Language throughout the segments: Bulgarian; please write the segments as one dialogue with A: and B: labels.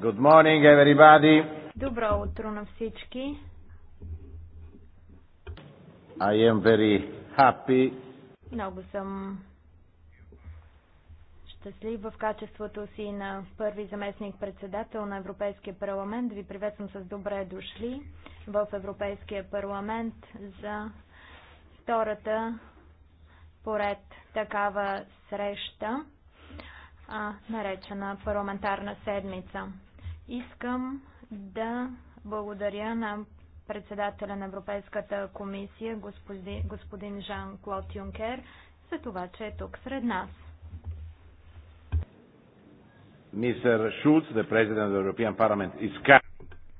A: Good morning, everybody.
B: Добро утро на всички.
A: I am very happy.
B: Много съм щастлив в качеството си на първи заместник председател на Европейския парламент. Ви приветствам с добре дошли в Европейския парламент за втората поред такава среща, наречена парламентарна седмица. Искам да благодаря на председателя на Европейската комисия, господин, Жан-Клод Юнкер, за това, че е тук сред нас.
A: Мистер Шулц,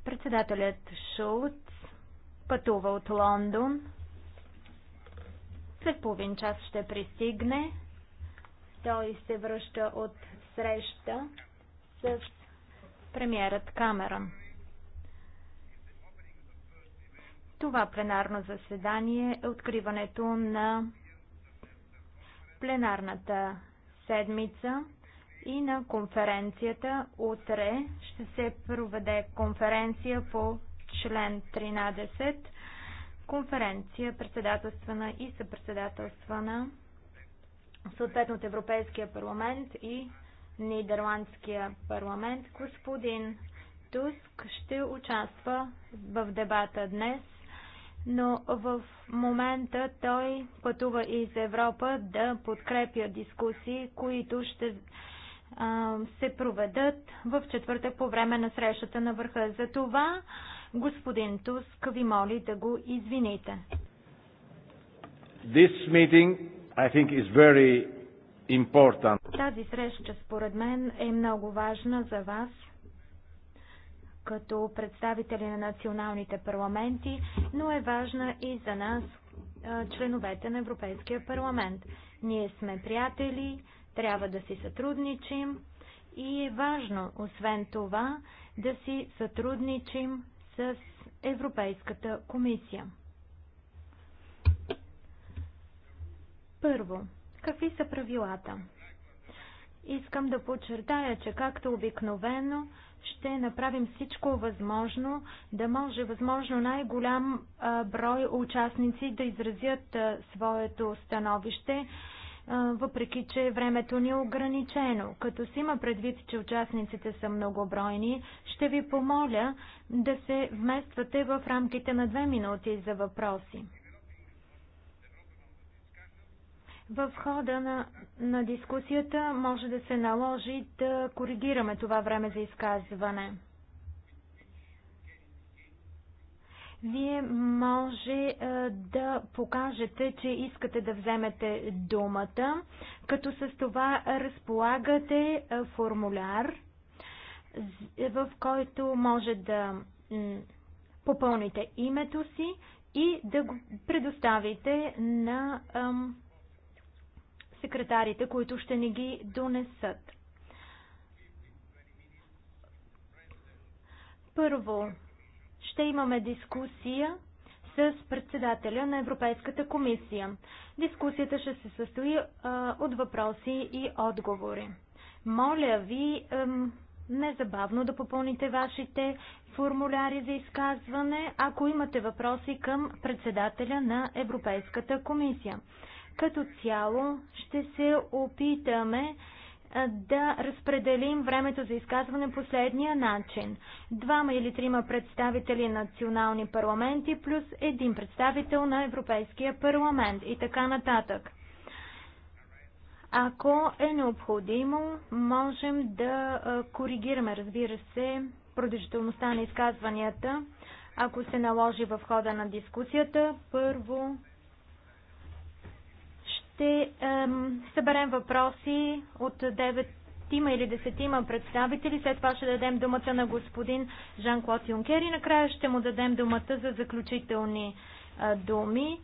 B: Председателят Шулц пътува от Лондон. След половин час ще пристигне. Той се връща от среща с премиерът Камерън. Това пленарно заседание е откриването на пленарната седмица и на конференцията. Утре ще се проведе конференция по член 13. Конференция председателствана и съпредседателствана съответно от Европейския парламент и Нидерландския парламент. Господин Туск ще участва в дебата днес, но в момента той пътува из Европа да подкрепя дискусии, които ще а, се проведат в четвъртък по време на срещата на върха. За това господин Туск ви моли да го извините.
A: This meeting, I think, is very important.
B: Тази среща според мен е много важна за вас като представители на националните парламенти, но е важна и за нас, членовете на Европейския парламент. Ние сме приятели, трябва да си сътрудничим и е важно, освен това, да си сътрудничим с Европейската комисия. Първо, Какви са правилата? Искам да подчертая, че както обикновено ще направим всичко възможно, да може възможно най-голям брой участници да изразят а, своето становище, а, въпреки че времето ни е ограничено. Като си има предвид, че участниците са многобройни, ще ви помоля да се вмествате в рамките на две минути за въпроси. В хода на, на дискусията може да се наложи да коригираме това време за изказване. Вие може е, да покажете, че искате да вземете думата, като с това разполагате е, формуляр, в който може да попълните името си и да го предоставите на секретарите, които ще ни ги донесат. Първо, ще имаме дискусия с председателя на Европейската комисия. Дискусията ще се състои а, от въпроси и отговори. Моля ви ем, незабавно да попълните вашите формуляри за изказване, ако имате въпроси към председателя на Европейската комисия. Като цяло ще се опитаме да разпределим времето за изказване последния начин. Двама или трима представители на национални парламенти плюс един представител на Европейския парламент и така нататък. Ако е необходимо, можем да коригираме, разбира се, продължителността на изказванията, ако се наложи в хода на дискусията. Първо ще ем, съберем въпроси от 9 или десетима представители. След това ще дадем думата на господин Жан-Клод Юнкер и накрая ще му дадем думата за заключителни е, думи.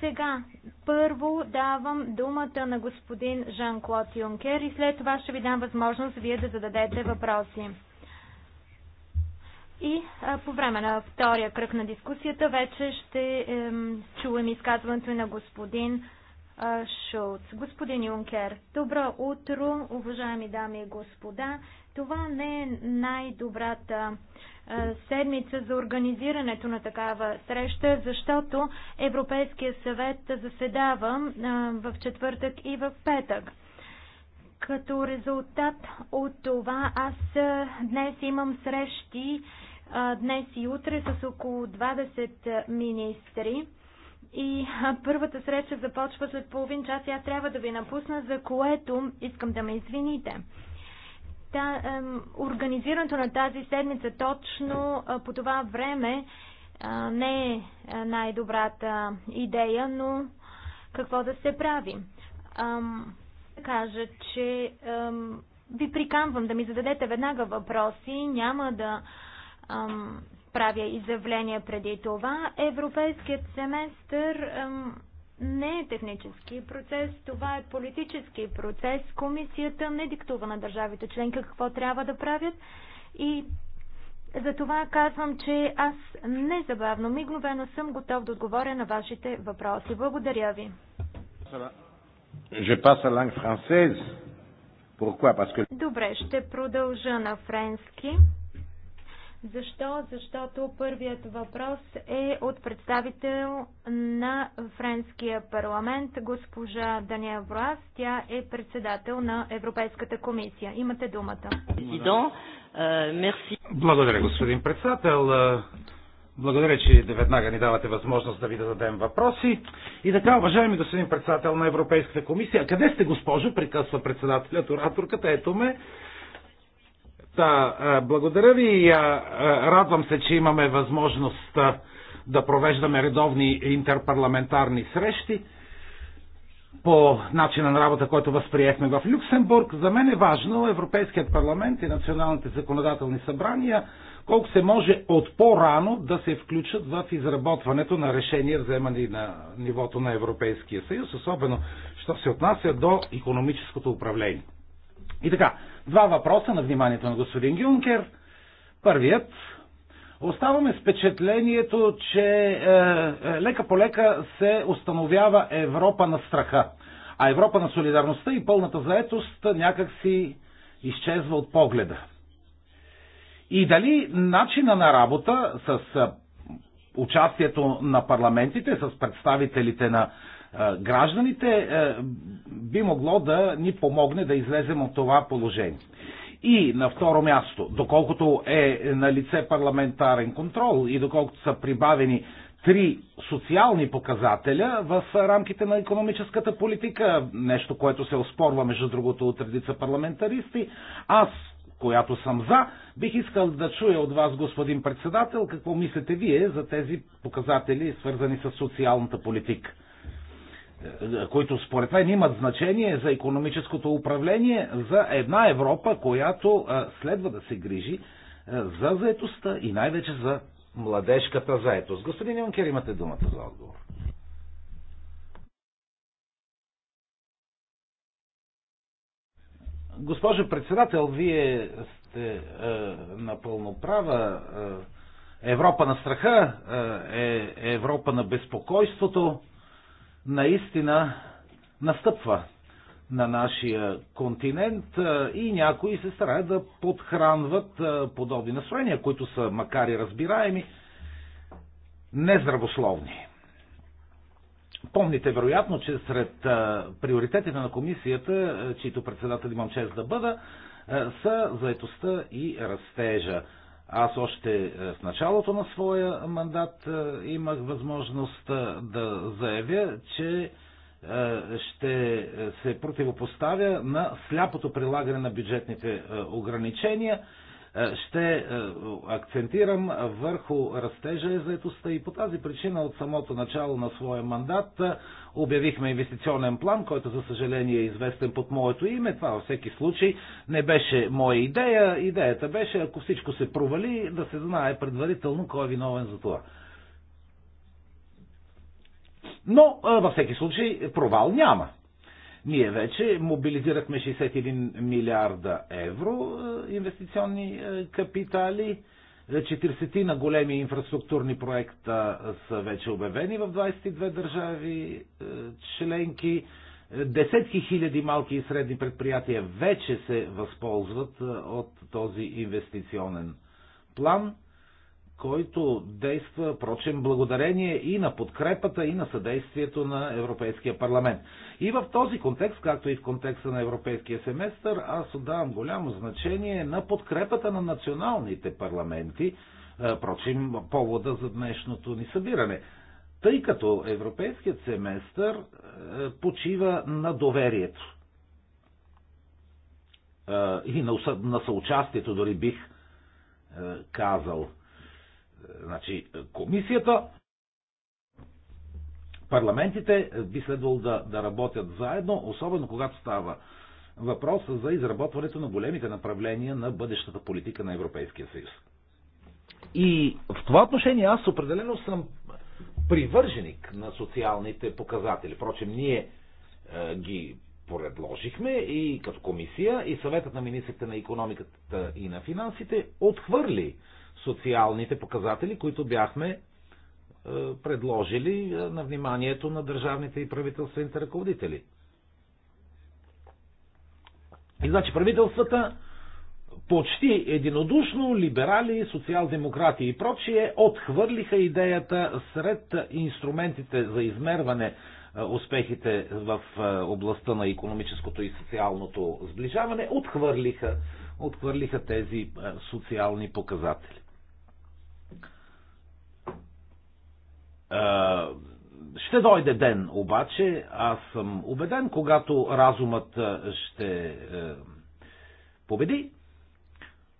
B: Сега първо давам думата на господин Жан-Клод Юнкер и след това ще ви дам възможност вие да зададете въпроси. И а, по време на втория кръг на дискусията вече ще е, чуем изказването и на господин Шолц. Господин Юнкер, добро утро, уважаеми дами и господа. Това не е най-добрата седмица за организирането на такава среща, защото Европейския съвет заседава в четвъртък и в петък. Като резултат от това аз днес имам срещи днес и утре с около 20 министри и първата среща започва след половин час и аз трябва да ви напусна, за което искам да ме извините. Та, е, организирането на тази седмица точно е, по това време е, не е най-добрата идея, но какво да се прави? Е, кажа, че е, ви приканвам да ми зададете веднага въпроси. Няма да правя изявление преди това. Европейският семестър не е технически процес, това е политически процес. Комисията не диктува на държавите членка какво трябва да правят и за това казвам, че аз незабавно, мигновено съм готов да отговоря на вашите въпроси. Благодаря ви. Добре, ще продължа на френски. Защо? Защото първият въпрос е от представител на Френския парламент, госпожа Даниел Броас. Тя е председател на Европейската комисия. Имате думата.
C: Е,
A: благодаря, господин председател. Е, благодаря, че веднага ни давате възможност да ви да зададем въпроси. И така, уважаеми господин председател на Европейската комисия, къде сте, госпожо? Прекъсва председателят, ораторката. Ето ме. Да, е, благодаря ви. Е, е, радвам се, че имаме възможност да провеждаме редовни интерпарламентарни срещи по начина на работа, който възприехме в Люксембург. За мен е важно Европейският парламент и националните законодателни събрания колко се може от по-рано да се включат в изработването на решения, вземани на нивото на Европейския съюз, особено що се отнася до економическото управление. И така, Два въпроса на вниманието на господин Гюнкер. Първият. Оставаме с впечатлението, че е, е, лека по лека се установява Европа на страха. А Европа на солидарността и пълната заетост някак си изчезва от погледа. И дали начина на работа с е, участието на парламентите, с представителите на гражданите, би могло да ни помогне да излезем от това положение. И на второ място, доколкото е на лице парламентарен контрол и доколкото са прибавени три социални показателя в рамките на економическата политика, нещо, което се оспорва между другото от редица парламентаристи, аз която съм за, бих искал да чуя от вас, господин председател, какво мислите вие за тези показатели, свързани с социалната политика които според мен имат значение за економическото управление за една Европа, която следва да се грижи за заетостта и най-вече за младежката заетост. Господин Юнкер, имате думата за отговор. Госпожо председател, вие сте е, напълно права. Е, Европа на страха е Европа на безпокойството. Е, наистина настъпва на нашия континент и някои се стараят да подхранват подобни настроения, които са, макар и разбираеми, нездравословни. Помните, вероятно, че сред приоритетите на комисията, чието председател имам чест да бъда, са заетостта и растежа. Аз още в е, началото на своя мандат е, имах възможност е, да заявя, че ще се противопоставя на сляпото прилагане на бюджетните ограничения е, ще е, акцентирам върху растежа и заетостта и по тази причина от самото начало на своя мандат е, обявихме инвестиционен план, който за съжаление е известен под моето име. Това във всеки случай не беше моя идея. Идеята беше, ако всичко се провали, да се знае предварително кой е виновен за това. Но във всеки случай провал няма. Ние вече мобилизирахме 61 милиарда евро е, инвестиционни е, капитали. 40 е, на големи инфраструктурни проекта са вече обявени в 22 държави членки. Десетки хиляди малки и средни предприятия вече се възползват от този инвестиционен план който действа, прочем, благодарение и на подкрепата, и на съдействието на Европейския парламент. И в този контекст, както и в контекста на Европейския семестър, аз отдавам голямо значение на подкрепата на националните парламенти, е, прочим, повода за днешното ни събиране. Тъй като Европейският семестър е, почива на доверието е, и на съучастието, дори бих казал – Значи, комисията, парламентите би следвало да, да работят заедно, особено когато става въпрос за изработването на големите направления на бъдещата политика на Европейския съюз. И в това отношение аз определено съм привърженик на социалните показатели. Впрочем, ние е, ги предложихме и като комисия, и съветът на министрите на економиката и на финансите отхвърли социалните показатели, които бяхме е, предложили е, на вниманието на държавните и правителствените ръководители. И значи правителствата почти единодушно либерали, социал-демократи и прочие отхвърлиха идеята сред инструментите за измерване е, успехите в областта на економическото и социалното сближаване, отхвърлиха, отхвърлиха тези социални показатели. Ще дойде ден, обаче, аз съм убеден, когато разумът ще е, победи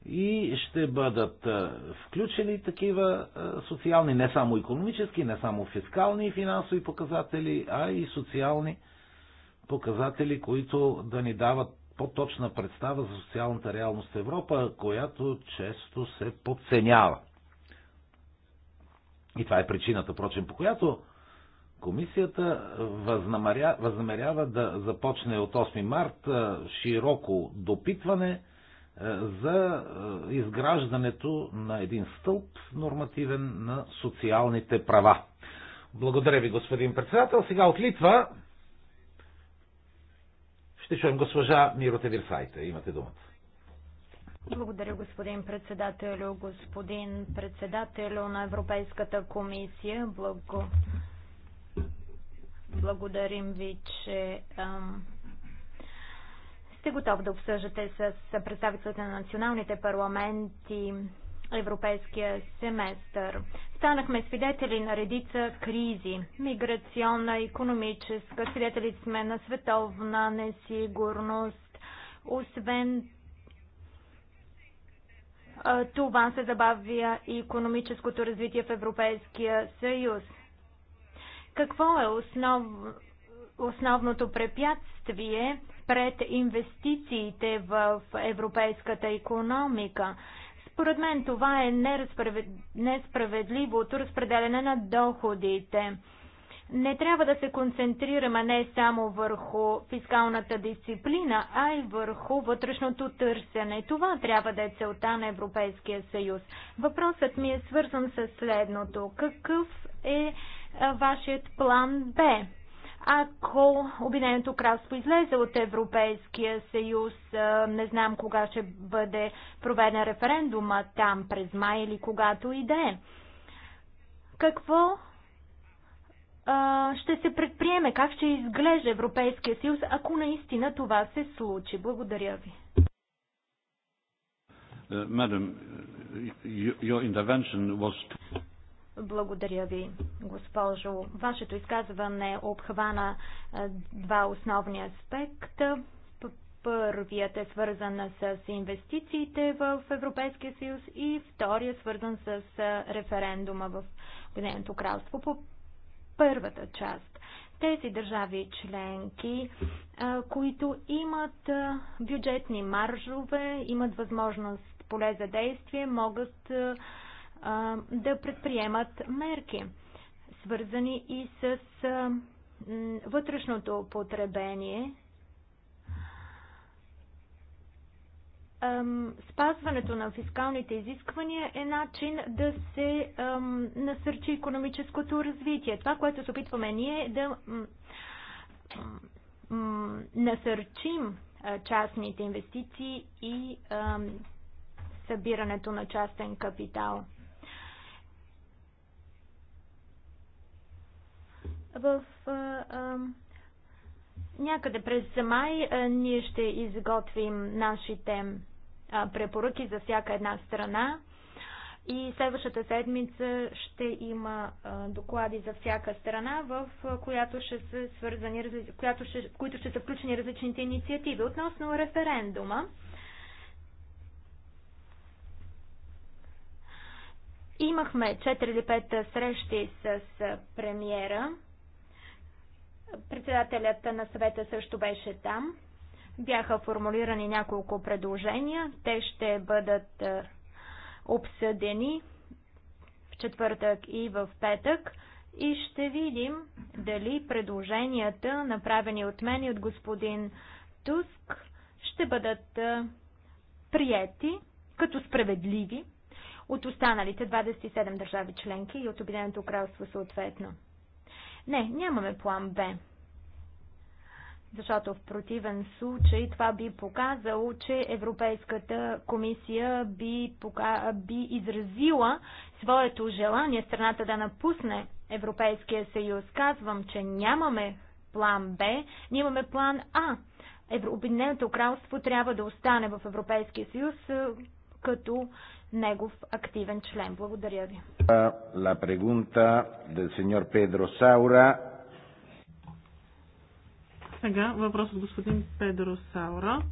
A: и ще бъдат е, включени такива е, социални, не само економически, не само фискални и финансови показатели, а и социални показатели, които да ни дават по-точна представа за социалната реалност в Европа, която често се подценява. И това е причината, прочим, по която Комисията възнамеря, възнамерява да започне от 8 март широко допитване за изграждането на един стълб нормативен на социалните права. Благодаря ви, господин председател. Сега от Литва ще чуем госпожа Мироте Вирсайте. Имате думата.
B: Благодаря, господин председателю. Господин председателю на Европейската комисия, благодаря. Благодарим ви, че ам, сте готов да обсъждате с представителите на националните парламенти европейския семестър. Станахме свидетели на редица кризи, миграционна, економическа, свидетели сме на световна несигурност. Освен това се забавя и економическото развитие в Европейския съюз. Какво е основ... основното препятствие пред инвестициите в европейската економика? Според мен това е неразправед... несправедливото разпределяне на доходите. Не трябва да се концентрираме не само върху фискалната дисциплина, а и върху вътрешното търсене. Това трябва да е целта на Европейския съюз. Въпросът ми е свързан с следното. Какъв е вашият план Б? Ако Обединеното кралство излезе от Европейския съюз, не знам кога ще бъде проведен референдума там през май или когато иде. Какво ще се предприеме? Как ще изглежда Европейския съюз, ако наистина това се случи? Благодаря ви.
A: Madam, е, е, your intervention was...
B: Благодаря ви, госпожо. Вашето изказване обхвана два основни аспекта. Първият е свързан с инвестициите в Европейския съюз и вторият е свързан с референдума в Обединеното кралство. По първата част тези държави членки, които имат бюджетни маржове, имат възможност поле за действие, могат да предприемат мерки, свързани и с вътрешното потребение, спазването на фискалните изисквания е начин да се ам, насърчи економическото развитие. Това, което се опитваме ние е да насърчим частните инвестиции и ам, събирането на частен капитал. В някъде през май ние ще изготвим нашите препоръки за всяка една страна и следващата седмица ще има доклади за всяка страна, в която ще са свързани, която ще, които ще са включени различните инициативи. Относно референдума, имахме 4 или 5 срещи с премиера Председателят на съвета също беше там. Бяха формулирани няколко предложения. Те ще бъдат е, обсъдени в четвъртък и в петък и ще видим дали предложенията, направени от мен и от господин Туск, ще бъдат е, приети като справедливи от останалите 27 държави членки и от Обединеното кралство съответно. Не, нямаме план Б. Защото в противен случай това би показало, че Европейската комисия би, пока... би изразила своето желание страната да напусне Европейския съюз. Казвам, че нямаме план Б, ние имаме план А. Обединеното кралство трябва да остане в Европейския съюз като негов активен член. Благодаря ви.
A: La pregunta del señor Pedro Saura.
C: Сега въпрос от господин Педро Саура,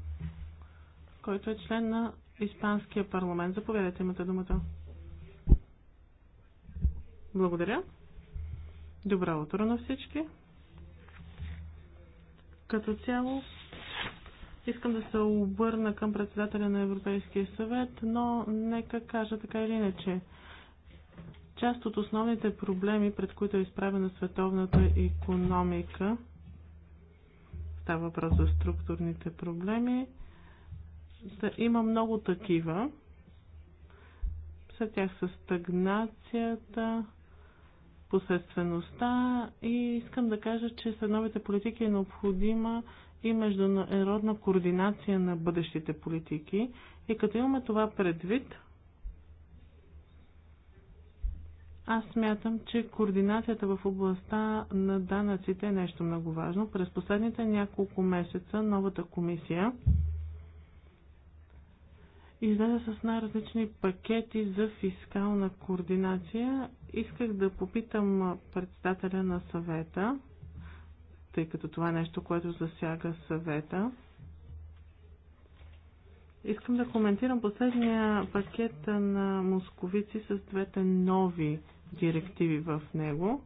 C: който е член на Испанския парламент. Заповядайте, имате думата. Благодаря. Добро утро на всички. Като цяло Искам да се обърна към председателя на Европейския съвет, но нека кажа така или иначе. Част от основните проблеми, пред които е изправена световната економика, става въпрос за структурните проблеми, да има много такива. След тях са стагнацията, посредствеността и искам да кажа, че с новите политики е необходима и международна координация на бъдещите политики. И като имаме това предвид, аз смятам, че координацията в областта на данъците е нещо много важно. През последните няколко месеца новата комисия излезе с най-различни пакети за фискална координация. Исках да попитам председателя на съвета тъй като това е нещо, което засяга съвета. Искам да коментирам последния пакет на московици с двете нови директиви в него,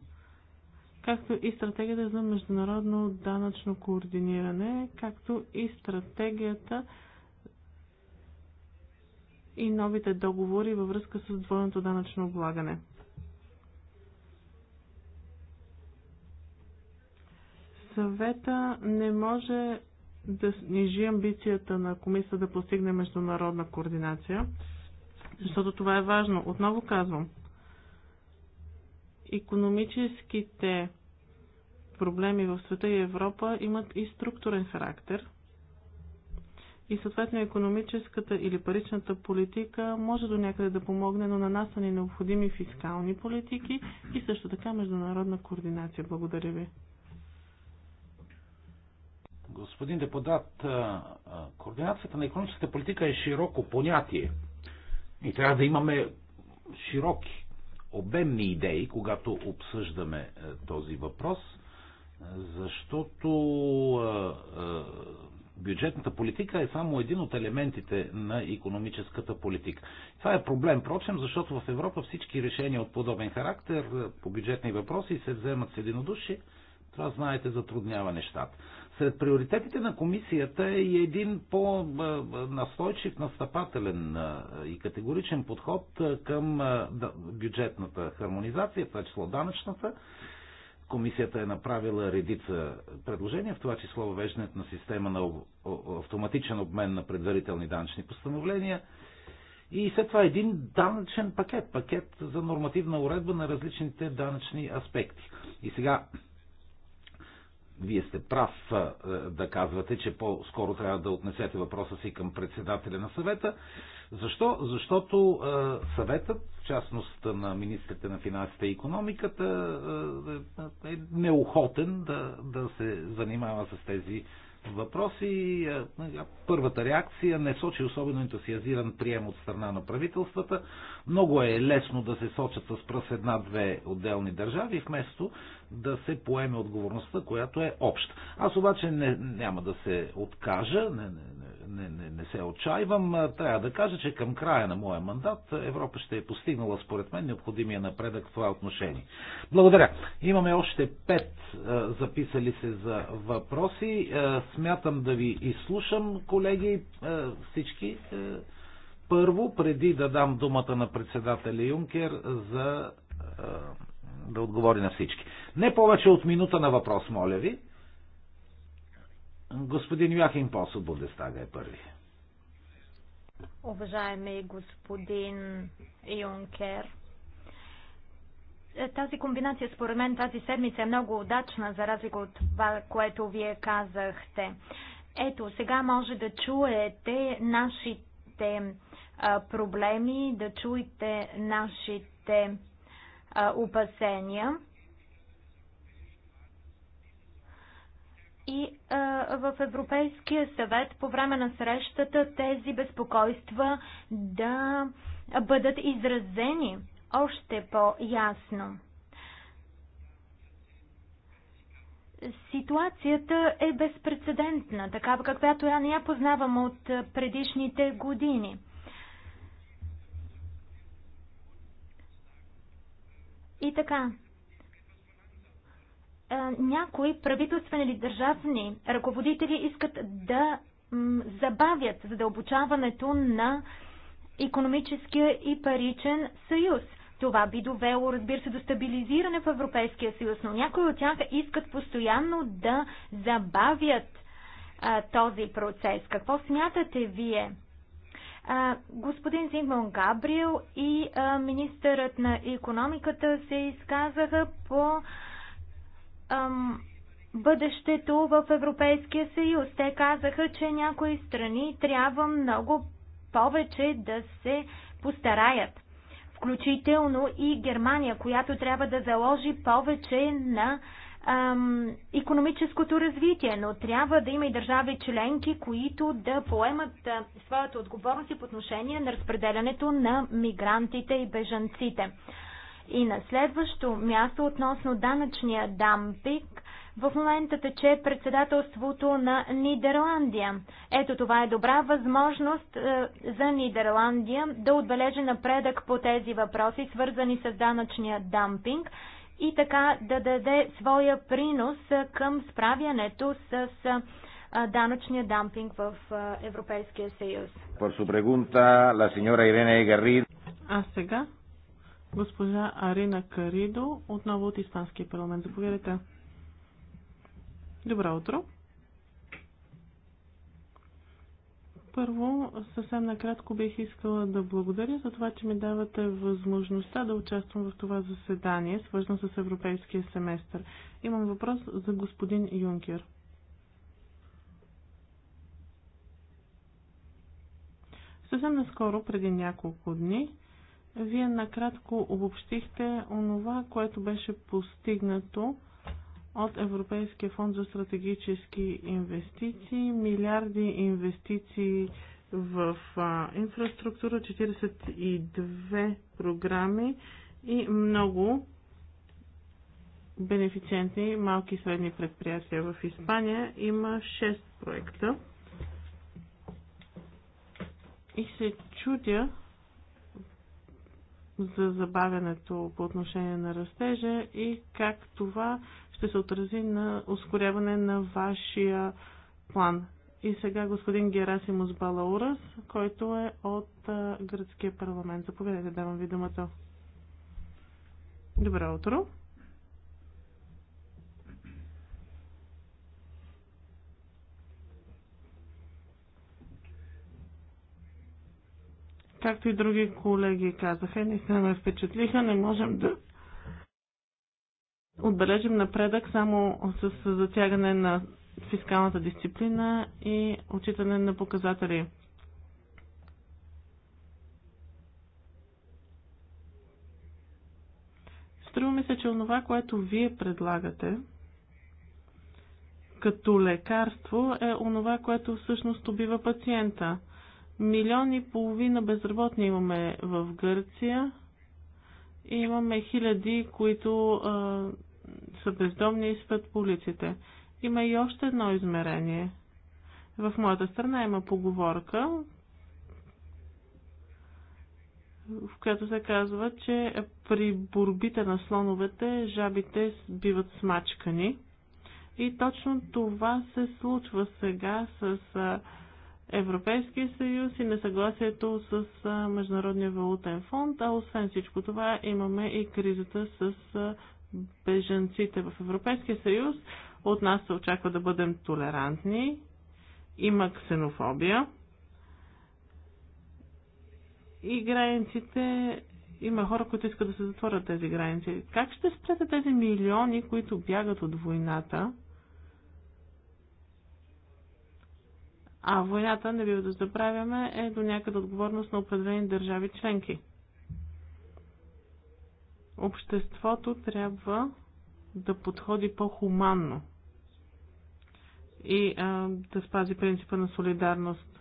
C: както и стратегията за международно данъчно координиране, както и стратегията и новите договори във връзка с двойното данъчно облагане. съвета не може да снижи амбицията на комисията да постигне международна координация, защото това е важно. Отново казвам, економическите проблеми в света и Европа имат и структурен характер и съответно економическата или паричната политика може до някъде да помогне, но на нас са ни необходими фискални политики и също така международна координация. Благодаря ви.
A: Господин депутат, координацията на економическата политика е широко понятие. И трябва да имаме широки, обемни идеи, когато обсъждаме този въпрос, защото бюджетната политика е само един от елементите на економическата политика. Това е проблем, прочем, защото в Европа всички решения от подобен характер по бюджетни въпроси се вземат с единодушие. Това, знаете, затруднява нещата. Сред приоритетите на комисията е и един по-настойчив, настъпателен и категоричен подход към бюджетната хармонизация, в това число данъчната. Комисията е направила редица предложения, в това число въвеждането на система на автоматичен обмен на предварителни данъчни постановления и след това един данъчен пакет, пакет за нормативна уредба на различните данъчни аспекти. И сега вие сте прав е, да казвате, че по-скоро трябва да отнесете въпроса си към председателя на съвета. Защо? Защото е, съветът, в частност на министрите на финансите и економиката, е, е неохотен да, да се занимава с тези въпроси. Първата реакция не сочи особено ентусиазиран прием от страна на правителствата. Много е лесно да се сочат с пръс една-две отделни държави, вместо да се поеме отговорността, която е обща. Аз обаче не, няма да се откажа, не, не, не, не, не се отчаивам. Трябва да кажа, че към края на моя мандат Европа ще е постигнала, според мен, необходимия напредък в това отношение. Благодаря. Имаме още пет записали се за въпроси. Смятам да ви изслушам, колеги, всички първо, преди да дам думата на председателя Юнкер за да отговори на всички. Не повече от минута на въпрос, моля ви. Господин Йоахим Посо, Бундестага е първи.
B: Уважаеми господин Юнкер, тази комбинация според мен тази седмица е много удачна, за разлика от това, което вие казахте. Ето, сега може да чуете нашите а, проблеми, да чуете нашите а, опасения. И а, в Европейския съвет по време на срещата тези безпокойства да бъдат изразени още по-ясно. Ситуацията е безпредседентна, такава каквато я не я познавам от предишните години. И така, някои правителствени или държавни ръководители искат да забавят задълбочаването на економическия и паричен съюз. Това би довело, разбира се, до стабилизиране в Европейския съюз, но някои от тях искат постоянно да забавят а, този процес. Какво смятате вие? А, господин Зимон Габриел и а, министърът на економиката се изказаха по а, ам, бъдещето в Европейския съюз. Те казаха, че някои страни трябва много повече да се постараят. Включително и Германия, която трябва да заложи повече на ам, економическото развитие, но трябва да има и държави членки, които да поемат а, своята отговорност и по отношение на разпределянето на мигрантите и бежанците. И на следващо място относно данъчния дампик, в момента тече председателството на Нидерландия. Ето това е добра възможност е, за Нидерландия да отбележи напредък по тези въпроси, свързани с данъчния дампинг и така да даде своя принос е, към справянето с е, е, данъчния дампинг в
C: Европейския съюз. А сега Госпожа Арина Каридо, отново от Испанския парламент. Заповядайте. Добро утро. Първо, съвсем накратко бих искала да благодаря за това, че ми давате възможността да участвам в това заседание, свързано с европейския семестър. Имам въпрос за господин Юнкер. Съвсем наскоро, преди няколко дни, вие накратко обобщихте онова, което беше постигнато от Европейския фонд за стратегически инвестиции, милиарди инвестиции в а, инфраструктура, 42 програми и много бенефициенти, малки и средни предприятия в Испания. Има 6 проекта. И се чудя за забавянето по отношение на растежа и как това ще се отрази на ускоряване на вашия план. И сега господин Герасимус Балаурас, който е от гръцкия парламент. Заповядайте, давам ви думата. Добро утро. Както и други колеги казаха, се ме впечатлиха. Не можем да отбележим напредък само с затягане на фискалната дисциплина и отчитане на показатели. Струва ми се, че онова, което вие предлагате като лекарство е онова, което всъщност убива пациента. Милион и половина безработни имаме в Гърция. И имаме хиляди, които а, са бездомни и спят по улиците. Има и още едно измерение. В моята страна има поговорка, в която се казва, че при борбите на слоновете жабите биват смачкани. И точно това се случва сега с а, Европейския съюз и несъгласието с Международния валутен фонд, а освен всичко това имаме и кризата с беженците в Европейския съюз. От нас се очаква да бъдем толерантни. Има ксенофобия. И границите има хора, които искат да се затворят тези граници. Как ще спрете тези милиони, които бягат от войната? А войната, не бива да забравяме, е до някъде отговорност на определени държави членки. Обществото трябва да подходи по-хуманно и а, да спази принципа на солидарност.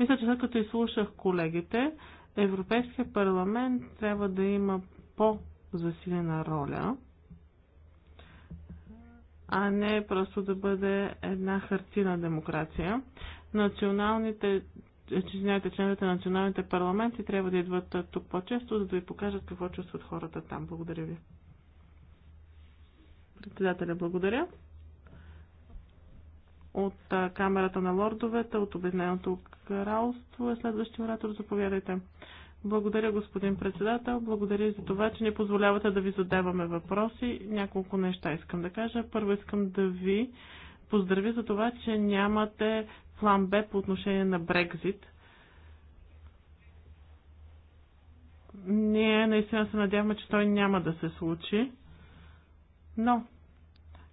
C: Мисля, че след като изслушах колегите, Европейския парламент трябва да има по-засилена роля – а не просто да бъде една хартина демокрация. Националните Извинявайте, членовете на националните парламенти трябва да идват тук по-често, за да ви покажат какво чувстват хората там. Благодаря ви. Председателя, благодаря. От Камерата на лордовете, от Обединеното кралство е следващия оратор. Заповядайте. Благодаря, господин председател. Благодаря за това, че ни позволявате да ви задаваме въпроси. Няколко неща искам да кажа. Първо искам да ви поздравя за това, че нямате план Б по отношение на Брекзит. Ние наистина се надяваме, че той няма да се случи. Но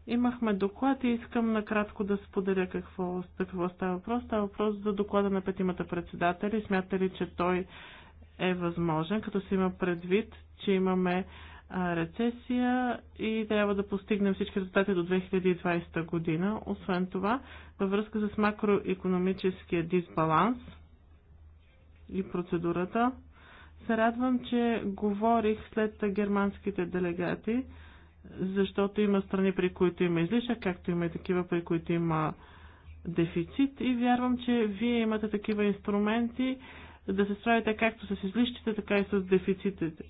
C: имахме доклад и искам накратко да споделя какво, какво става въпрос. Става въпрос за доклада на петимата председатели. Смятате ли, че той е възможен, като се има предвид, че имаме рецесия и трябва да постигнем всички резултати до 2020 година. Освен това, във връзка с макроекономическия дисбаланс и процедурата, се радвам, че говорих след германските делегати, защото има страни, при които има излишък, както има и такива, при които има дефицит и вярвам, че вие имате такива инструменти, да се справите както с излишките, така и с дефицитите.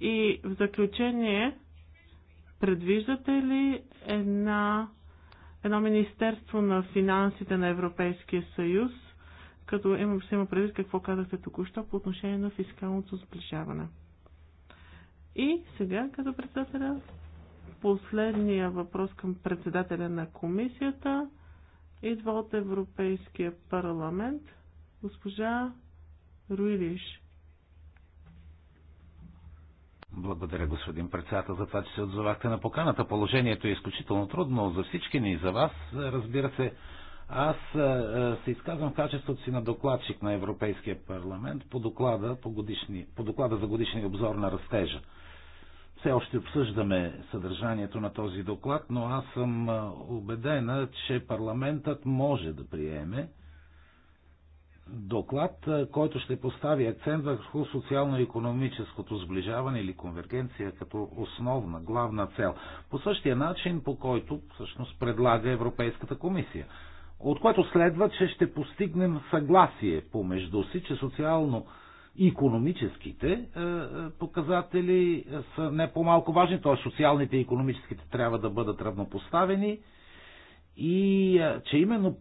C: И в заключение, предвиждате ли една, едно Министерство на финансите на Европейския съюз, като имам се има предвид какво казахте току-що по отношение на фискалното сближаване? И сега, като председателя, последния въпрос към председателя на комисията идва от Европейския парламент, госпожа Руилиш.
A: Благодаря, господин председател, за това, че се отзовахте на поканата. Положението е изключително трудно за всички ни и за вас, разбира се. Аз се изказвам в качеството си на докладчик на Европейския парламент по доклада, по, годишни, по доклада за годишния обзор на растежа. Все още обсъждаме съдържанието на този доклад, но аз съм убедена, че парламентът може да приеме доклад, който ще постави акцент върху социално-економическото сближаване или конвергенция като основна, главна цел. По същия начин, по който всъщност предлага Европейската комисия. От което следва, че ще постигнем съгласие помежду си, че социално економическите е, е, показатели са не по-малко важни, т.е. социалните и економическите трябва да бъдат равнопоставени и е, че именно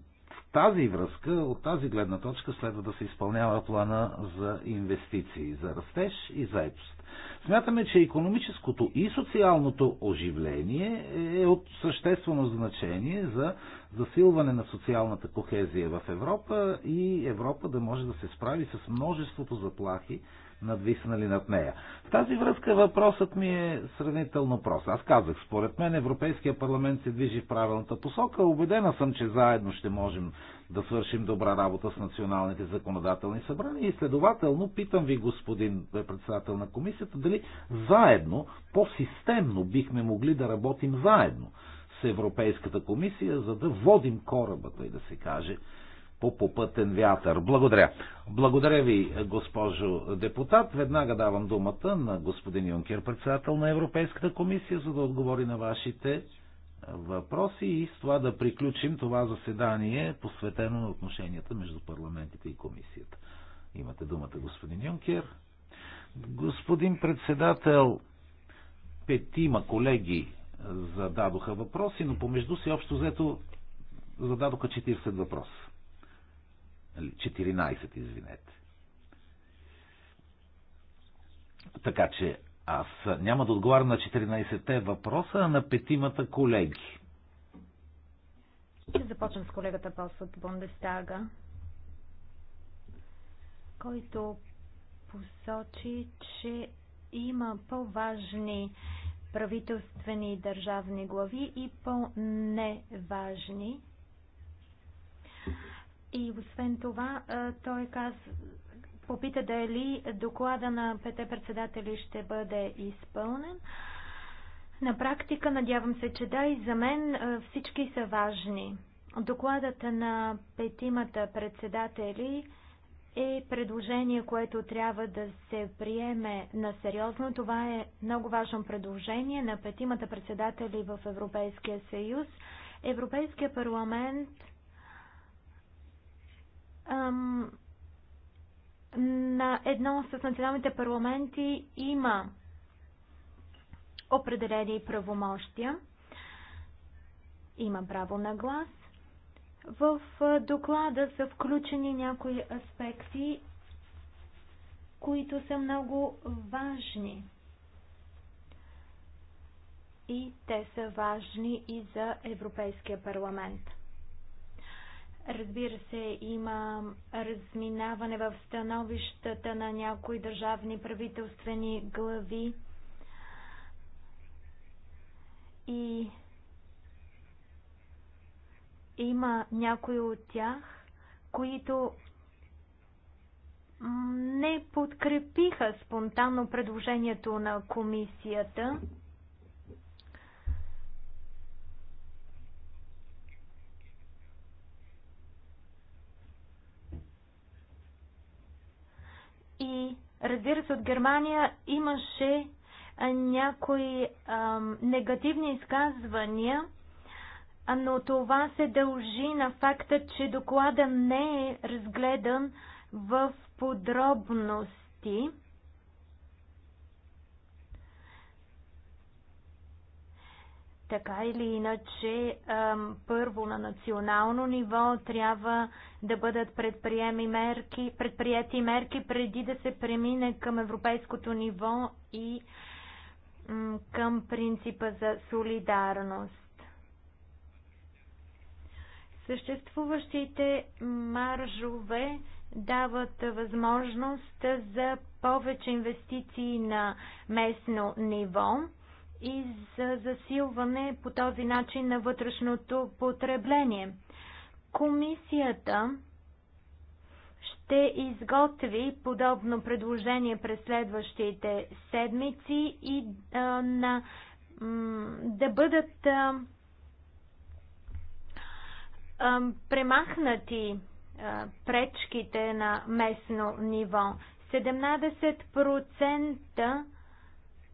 A: тази връзка, от тази гледна точка следва да се изпълнява плана за инвестиции, за растеж и заедост. Смятаме, че економическото и социалното оживление е от съществено значение за засилване на социалната кохезия в Европа и Европа да може да се справи с множеството заплахи, надвиснали над нея. В тази връзка въпросът ми е сравнително прост. Аз казах, според мен Европейския парламент се движи в правилната посока. Убедена съм, че заедно ще можем да свършим добра работа с националните законодателни събрания и следователно питам ви, господин председател на комисията, дали заедно, по-системно бихме могли да работим заедно с Европейската комисия, за да водим корабата и да се каже по попътен вятър. Благодаря. Благодаря ви, госпожо депутат. Веднага давам думата на господин Юнкер, председател на Европейската комисия, за да отговори на вашите е, въпроси и с това да приключим това заседание, посветено на отношенията между парламентите и комисията. Имате думата, господин Юнкер. Господин председател, петима колеги зададоха въпроси, но помежду си общо взето зададоха 40 въпроса. 14, нали, извинете. Така че аз няма да отговарям на 14-те въпроса, а на петимата
B: колеги. Ще започвам с колегата Палс от Бундестага, който посочи, че има по-важни правителствени и държавни глави и по-неважни и освен това, той каз... попита дали доклада на пете председатели ще бъде изпълнен. На практика, надявам се, че да, и за мен всички са важни. Докладът на петимата председатели е предложение, което трябва да се приеме на сериозно. Това е много важно предложение на петимата председатели в Европейския съюз. Европейския парламент ам, на едно с националните парламенти има определени правомощия. Има право на глас. В доклада са включени някои аспекти, които са много важни. И те са важни и за Европейския парламент. Разбира се, има разминаване в становищата на някои държавни правителствени глави и има някои от тях, които не подкрепиха спонтанно предложението на комисията. И разбира се, от Германия имаше някои ам, негативни изказвания, но това се дължи на факта, че доклада не е разгледан в подробности. Така или иначе, първо на национално ниво трябва да бъдат мерки, предприяти мерки преди да се премине към европейското ниво и към принципа за солидарност. Съществуващите маржове дават възможност за повече инвестиции на местно ниво и за засилване по този начин на вътрешното потребление. Комисията ще изготви подобно предложение през следващите седмици и а, на, да бъдат а, а, премахнати а, пречките на местно ниво. 17%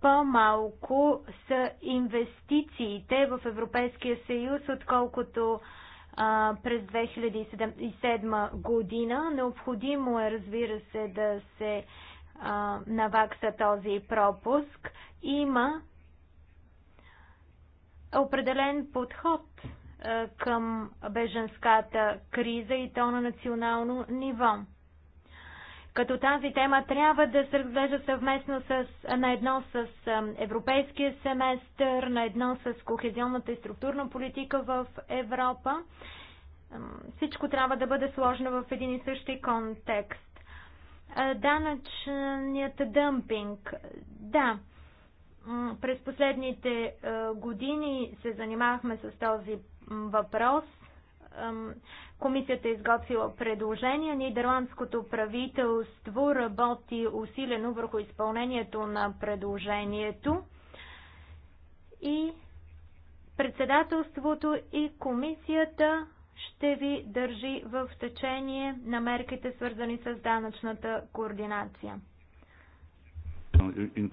B: по-малко са инвестициите в Европейския съюз, отколкото а, през 2007 година. Необходимо е, разбира се, да се а, навакса този пропуск. Има определен подход а, към беженската криза и то на национално ниво като тази тема трябва да се разглежда съвместно с, на едно с европейския семестър, на едно с кохезионната и структурна политика в Европа. Всичко трябва да бъде сложено в един и същи контекст. Данъчният дъмпинг. Да, през последните години се занимавахме с този въпрос – Комисията е изготвила предложение. Нидерландското правителство работи усилено върху изпълнението на предложението и председателството и комисията ще ви държи в течение на мерките, свързани с данъчната координация.
A: Е,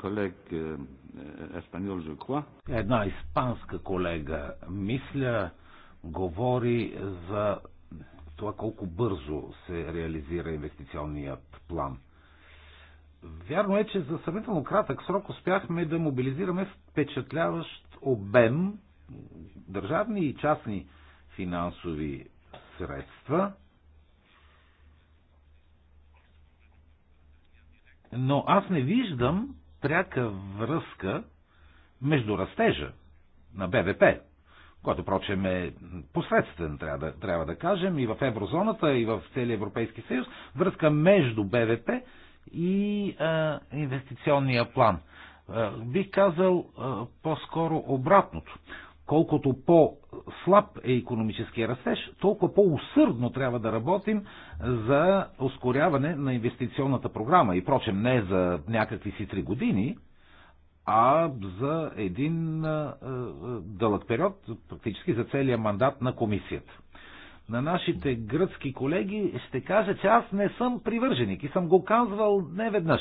A: е, Една испанска колега, мисля, говори за това колко бързо се реализира инвестиционният план. Вярно е, че за сравнително кратък срок успяхме да мобилизираме впечатляващ обем държавни и частни финансови средства. Но аз не виждам пряка връзка между растежа на БВП който, прочем, е посредствен, трябва да, трябва да кажем, и в еврозоната, и в целия Европейски съюз, връзка между БВП и а, инвестиционния план. А, бих казал а, по-скоро обратното. Колкото по-слаб е економическия растеж, толкова по-усърдно трябва да работим за ускоряване на инвестиционната програма. И прочем, не за някакви си три години, а за един дълъг период, практически за целия мандат на комисията. На нашите гръцки колеги ще кажа, че аз не съм привърженик и съм го казвал не веднъж.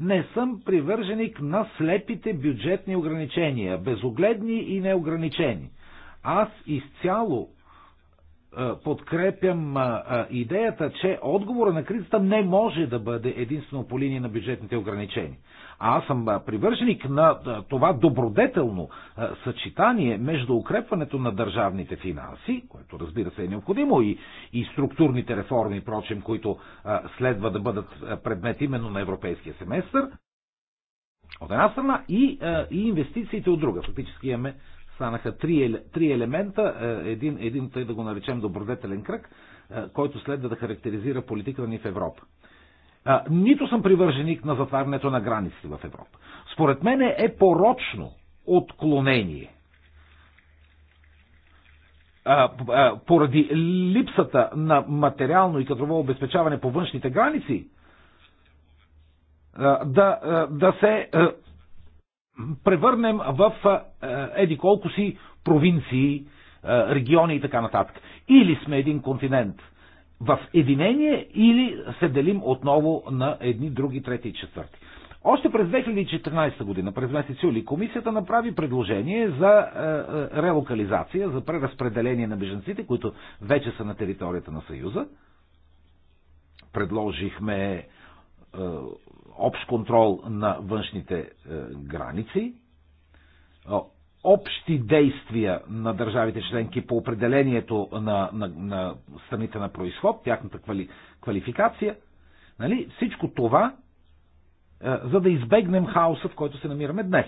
A: Не съм привърженик на слепите бюджетни ограничения, безогледни и неограничени. Аз изцяло подкрепям идеята, че отговора на кризата не може да бъде единствено по линия на бюджетните ограничения. А аз съм привърженик на това добродетелно съчетание между укрепването на държавните финанси, което разбира се е необходимо, и, и структурните реформи, прочим, които следва да бъдат предмет именно на европейския семестър, от една страна и, и инвестициите от друга. Фактически имаме станаха три, три елемента, един, един, тъй да го наречем добродетелен кръг, който следва да характеризира политиката ни в Европа нито съм привърженик на затварянето на границите в Европа. Според мен е порочно отклонение поради липсата на материално и кадрово обезпечаване по външните граници, да, да се превърнем в еди колко си провинции, региони и така нататък. Или сме един континент – в единение или се делим отново на едни, други, трети и четвърти. Още през 2014 година, през месец юли, комисията направи предложение за е, е релокализация, за преразпределение на беженците, които вече са на територията на Съюза. Предложихме е, общ контрол на външните е, граници, общи действия на държавите членки по определението на, на, на страните на происход, тяхната квали, квалификация, нали? всичко това, е, за да избегнем хаоса, в който се намираме днес.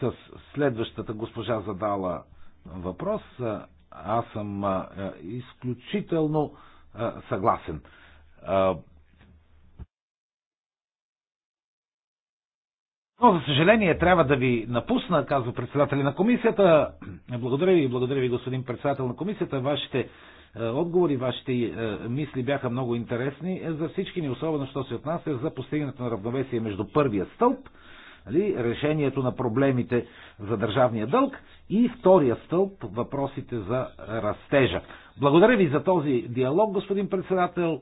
A: С следващата госпожа задала въпрос, е, аз съм е, изключително е, съгласен. Е, Но, за съжаление, трябва да ви напусна, казва председателя на комисията. Благодаря ви, благодаря ви, господин председател на комисията. Вашите е, отговори, вашите е, мисли бяха много интересни е, за всички ни, особено що се отнася за постигането на равновесие между първия стълб, нали, решението на проблемите за държавния дълг и втория стълб, въпросите за растежа. Благодаря ви за този диалог, господин председател.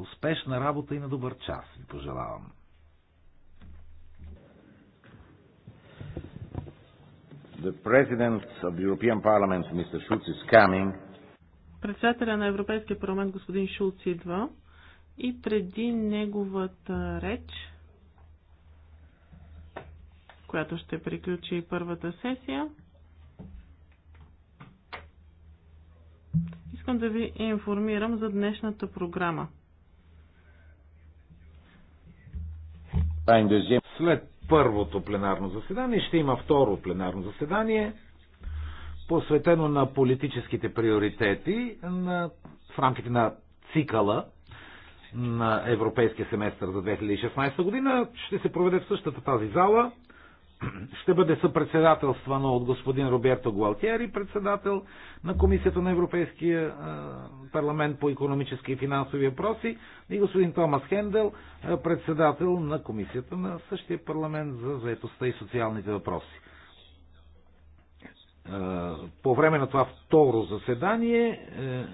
A: Успешна работа и на добър час ви пожелавам. The President of the European Parliament, Mr. Schulz, is coming.
C: Председателя на Европейския парламент, господин Шулц, идва и преди неговата реч, която ще приключи първата сесия, искам да ви информирам за днешната програма.
A: След първото пленарно заседание, ще има второ пленарно заседание, посветено на политическите приоритети на, в рамките на цикъла на Европейския семестър за 2016 година. Ще се проведе в същата тази зала ще бъде съпредседателствано от господин Роберто Гуалтиери, председател на Комисията на Европейския парламент по економически и финансови въпроси, и господин Томас Хендел, председател на Комисията на същия парламент за заетостта и социалните въпроси. По време на това второ заседание е,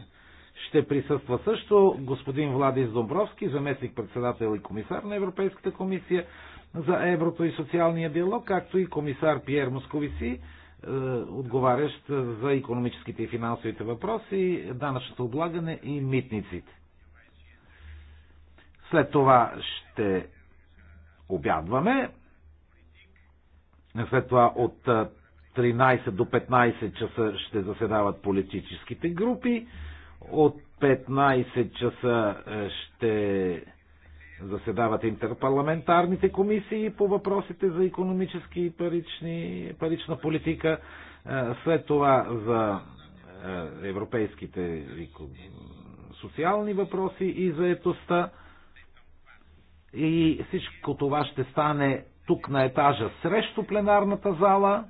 A: ще присъства също господин Владис Домбровски, заместник председател и комисар на Европейската комисия, за еврото и социалния диалог, както и комисар Пьер Московиси, е, отговарящ за економическите и финансовите въпроси, данъчното облагане и митниците. След това ще обядваме. След това от 13 е, до 15 часа ще заседават политическите групи. От 15 часа е, ще Заседават интерпарламентарните комисии по въпросите за економически и парични, парична политика, е, след това за е, европейските социални въпроси и заетостта. И всичко това ще стане тук на етажа срещу пленарната зала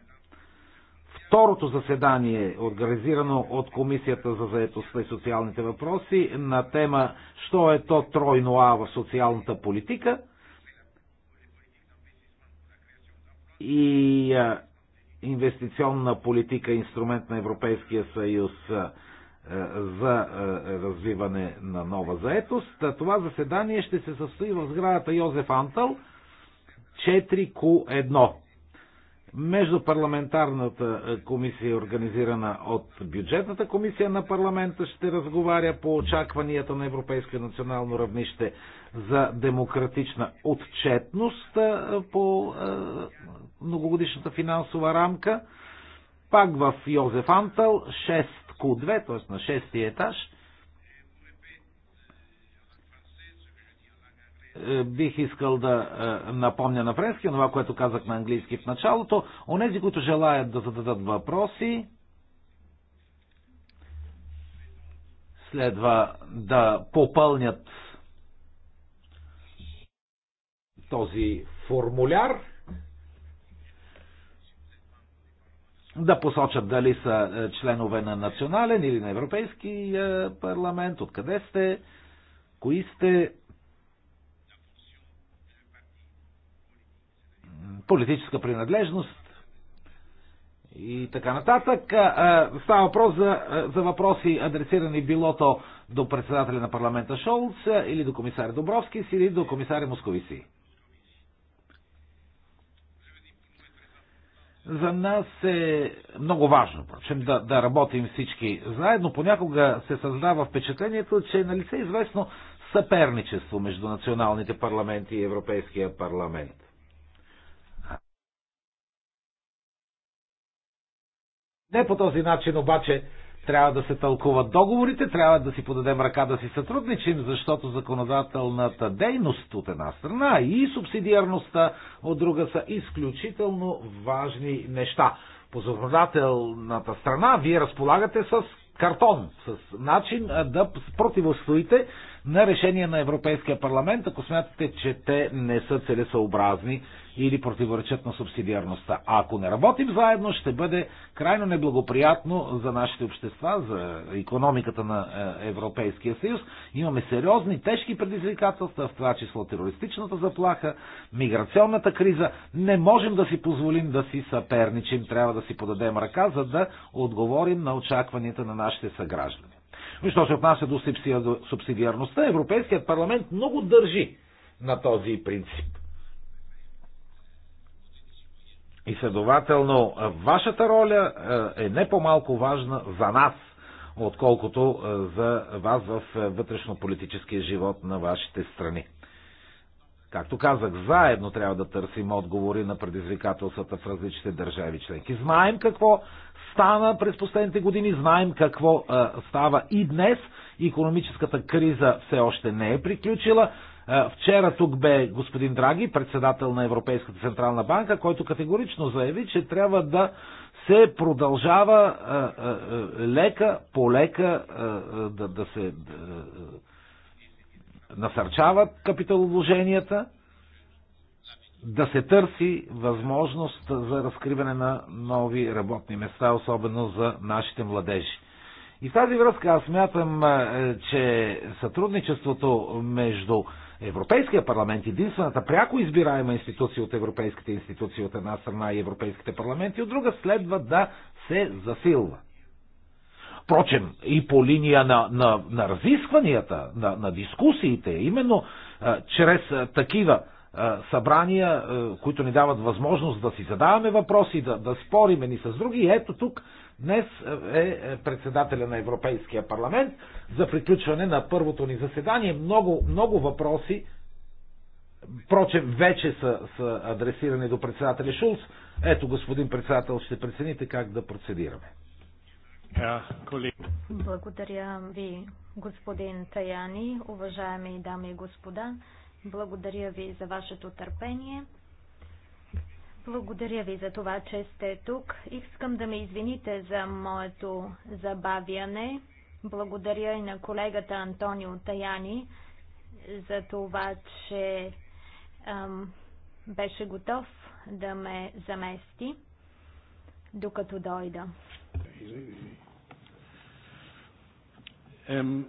A: второто заседание, организирано от Комисията за заедостта и социалните въпроси на тема «Що е то тройно А в социалната политика?» и инвестиционна политика, инструмент на Европейския съюз за развиване на нова заетост. Това заседание ще се състои в сградата Йозеф Антал 4Q1. Междупарламентарната е, комисия, организирана от бюджетната комисия на парламента, ще разговаря по очакванията на европейско и национално равнище за демократична отчетност е, по е, многогодишната финансова рамка. Пак в Йозеф Антал, 6 Q2, т.е. на 6 етаж – Е, бих искал да е, напомня на френски това, което казах на английски в началото. Онези, които желаят да зададат въпроси, следва да попълнят този формуляр, да посочат дали са е, членове на национален или на европейски парламент, откъде сте, кои сте политическа принадлежност и така нататък. Става въпрос за, за въпроси, адресирани било то до председателя на парламента Шолц или до комисаря Добровски или до комисаря Московиси. За нас е много важно, впрочем, да, да работим всички заедно. Понякога се създава впечатлението, че е на лице известно съперничество между националните парламенти и Европейския парламент. Не по този начин обаче трябва да се тълкуват договорите, трябва да си подадем ръка да си сътрудничим, защото законодателната дейност от една страна и субсидиарността от друга са изключително важни неща. По законодателната страна вие разполагате с картон, с начин да противостоите на решения на Европейския парламент, ако смятате, че те не са целесообразни или противоречат на субсидиарността. А ако не работим заедно, ще бъде крайно неблагоприятно за нашите общества, за економиката на е, Европейския съюз. Имаме сериозни, тежки предизвикателства, в това число терористичната заплаха, миграционната криза. Не можем да си позволим да си съперничим, трябва да си подадем ръка, за да отговорим на очакванията на нашите съграждани. Но що се отнася до субсидиарността, Европейският парламент много държи на този принцип. И следователно, вашата роля е, е не по-малко важна за нас, отколкото е, за вас в е, вътрешно-политическия живот на вашите страни. Както казах, заедно трябва да търсим отговори на предизвикателствата в различните държави членки. Знаем какво стана през последните години, знаем какво а, става и днес. Економическата криза все още не е приключила. А, вчера тук бе господин Драги, председател на Европейската централна банка, който категорично заяви, че трябва да се продължава а, а, лека по лека а, да, да се а, насърчават капиталовложенията да се търси възможност за разкриване на нови работни места, особено за нашите младежи. И в тази връзка аз мятам, е, че сътрудничеството между Европейския парламент, единствената пряко избираема институция от европейските институции от една страна и европейските парламенти, от друга следва да се засилва. Впрочем, и по линия на, на, на разискванията, на, на дискусиите, именно а, е, чрез а, е, такива събрания, които ни дават възможност да си задаваме въпроси, да, да спориме ни с други. ето тук днес е, е председателя на Европейския парламент за приключване на първото ни заседание. Много, много въпроси, прочем, вече са, са адресирани до председателя Шулц. Ето, господин председател, ще прецените как да процедираме. Е,
B: Благодаря ви, господин Таяни, уважаеми дами и господа. Благодаря ви за вашето търпение. Благодаря ви за това, че сте тук. Искам да ме извините за моето забавяне. Благодаря и на колегата Антонио Таяни за това, че ам, беше готов да ме замести, докато дойда.
A: Um,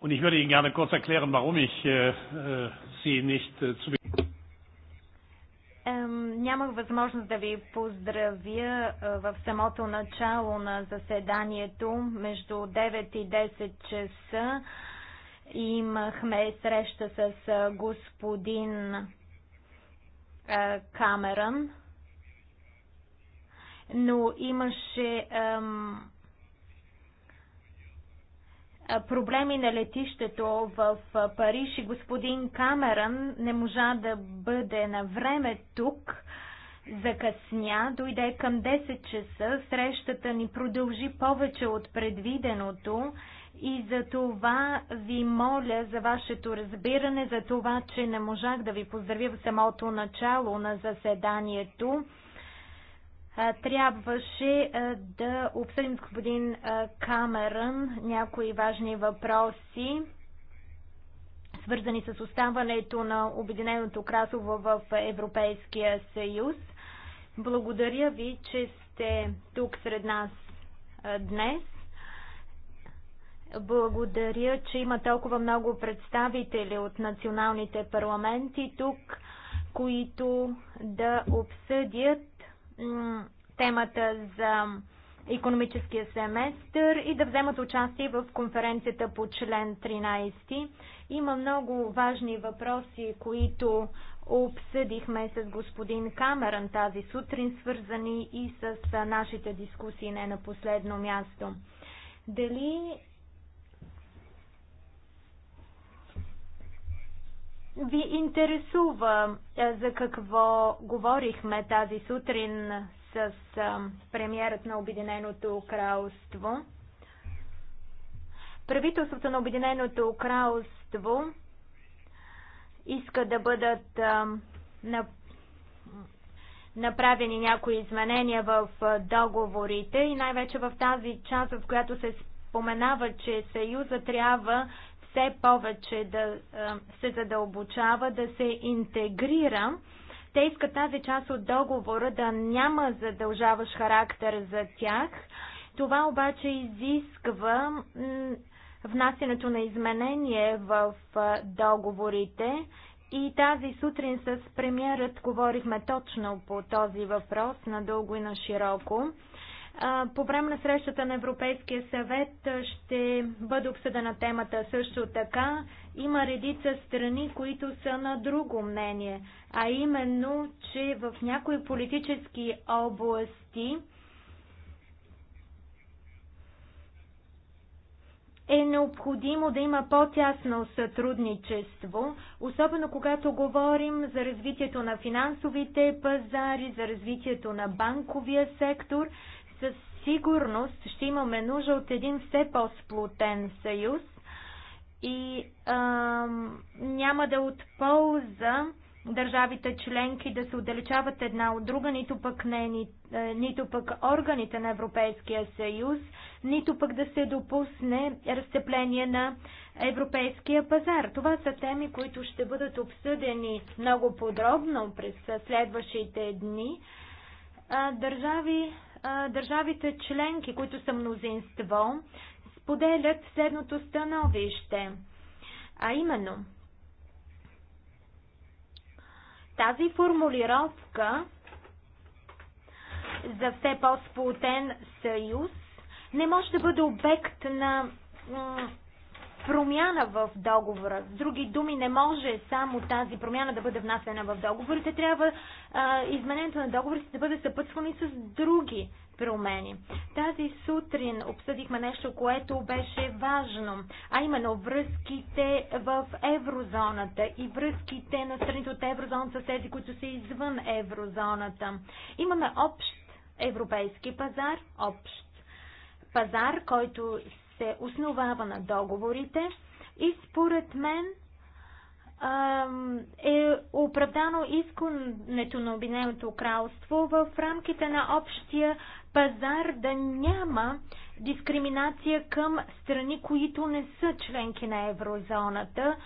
A: Und ich würde Ihnen gerne kurz erklären, warum ich äh, äh Sie nicht äh, zu
B: Нямах възможност да ви поздравя е, в самото начало на заседанието между 9 и 10 часа. Имахме среща с е, господин е, Камерън, но имаше проблеми на летището в Париж и господин Камерън не можа да бъде на време тук. Закъсня, дойде към 10 часа, срещата ни продължи повече от предвиденото и за това ви моля за вашето разбиране, за това, че не можах да ви поздравя в самото начало на заседанието трябваше да обсъдим с господин Камерън някои важни въпроси, свързани с оставането на Обединеното кралство в Европейския съюз. Благодаря ви, че сте тук сред нас днес. Благодаря, че има толкова много представители от националните парламенти тук, които да обсъдят темата за економическия семестър и да вземат участие в конференцията по член 13. Има много важни въпроси, които обсъдихме с господин Камеран тази сутрин, свързани и с нашите дискусии не на последно място. Дали ви интересува е, за какво говорихме тази сутрин с е, премиерът на Обединеното кралство. Правителството на Обединеното кралство иска да бъдат е, направени някои изменения в договорите и най-вече в тази част, в която се споменава, че Съюза трябва все повече да се задълбочава, да се интегрира. Те искат тази част от договора да няма задължаващ характер за тях. Това обаче изисква внасянето на изменение в договорите и тази сутрин с премиерът говорихме точно по този въпрос надълго и на широко. По време на срещата на Европейския съвет ще бъде обсъдена темата също така. Има редица страни, които са на друго мнение, а именно, че в някои политически области е необходимо да има по-тясно сътрудничество, особено когато говорим за развитието на финансовите пазари, за развитието на банковия сектор със сигурност ще имаме нужда от един все по-сплутен съюз и а, няма да от полза държавите членки да се отдалечават една от друга, нито пък, не, ни, е, нито пък органите на Европейския съюз, нито пък да се допусне разцепление на европейския пазар. Това са теми, които ще бъдат обсъдени много подробно през следващите дни. Държави държавите членки, които са мнозинство, споделят следното становище. А именно, тази формулировка за все по-сплутен съюз не може да бъде обект на промяна в договора. С други думи, не може само тази промяна да бъде внасена в договорите. Трябва а, изменението на договорите да бъде съпътствано и с други промени. Тази сутрин обсъдихме нещо, което беше важно, а именно връзките в еврозоната и връзките на страните от еврозоната с тези, които са извън еврозоната. Имаме общ европейски пазар, общ пазар, който се основава на договорите и според мен е оправдано искането на Обединеното кралство в рамките на общия пазар да няма дискриминация към страни, които не са членки на еврозоната.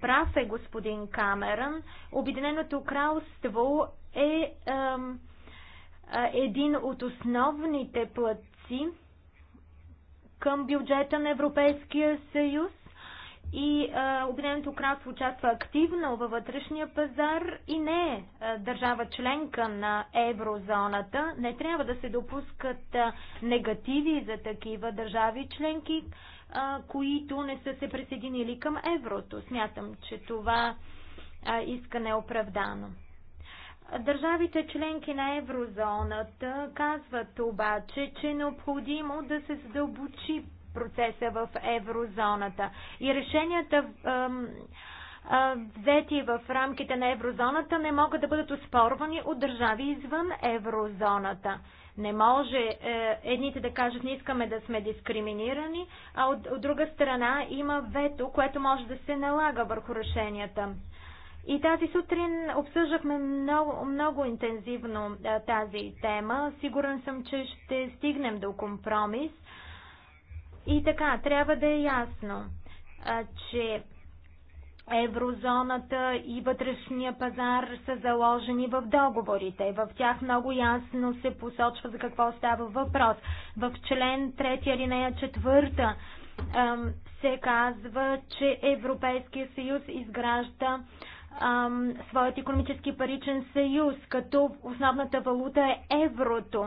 B: Прав е господин Камерън. Обединеното кралство е, е, е един от основните платци към бюджета на Европейския съюз и Обединеното кралство участва активно във вътрешния пазар и не е държава членка на еврозоната. Не трябва да се допускат негативи за такива държави членки, които не са се присъединили към еврото. Смятам, че това искане е оправдано. Държавите членки на еврозоната казват обаче, че е необходимо да се задълбочи процеса в еврозоната. И решенията взети в рамките на еврозоната не могат да бъдат оспорвани от държави извън еврозоната. Не може е, едните да кажат не искаме да сме дискриминирани, а от, от друга страна има вето, което може да се налага върху решенията. И тази сутрин обсъждахме много, много интензивно тази тема. Сигурен съм, че ще стигнем до компромис. И така, трябва да е ясно, че еврозоната и вътрешния пазар са заложени в договорите. В тях много ясно се посочва за какво става въпрос. В член 3 алинея 4 се казва, че Европейския съюз изгражда своят економически паричен съюз, като основната валута е еврото.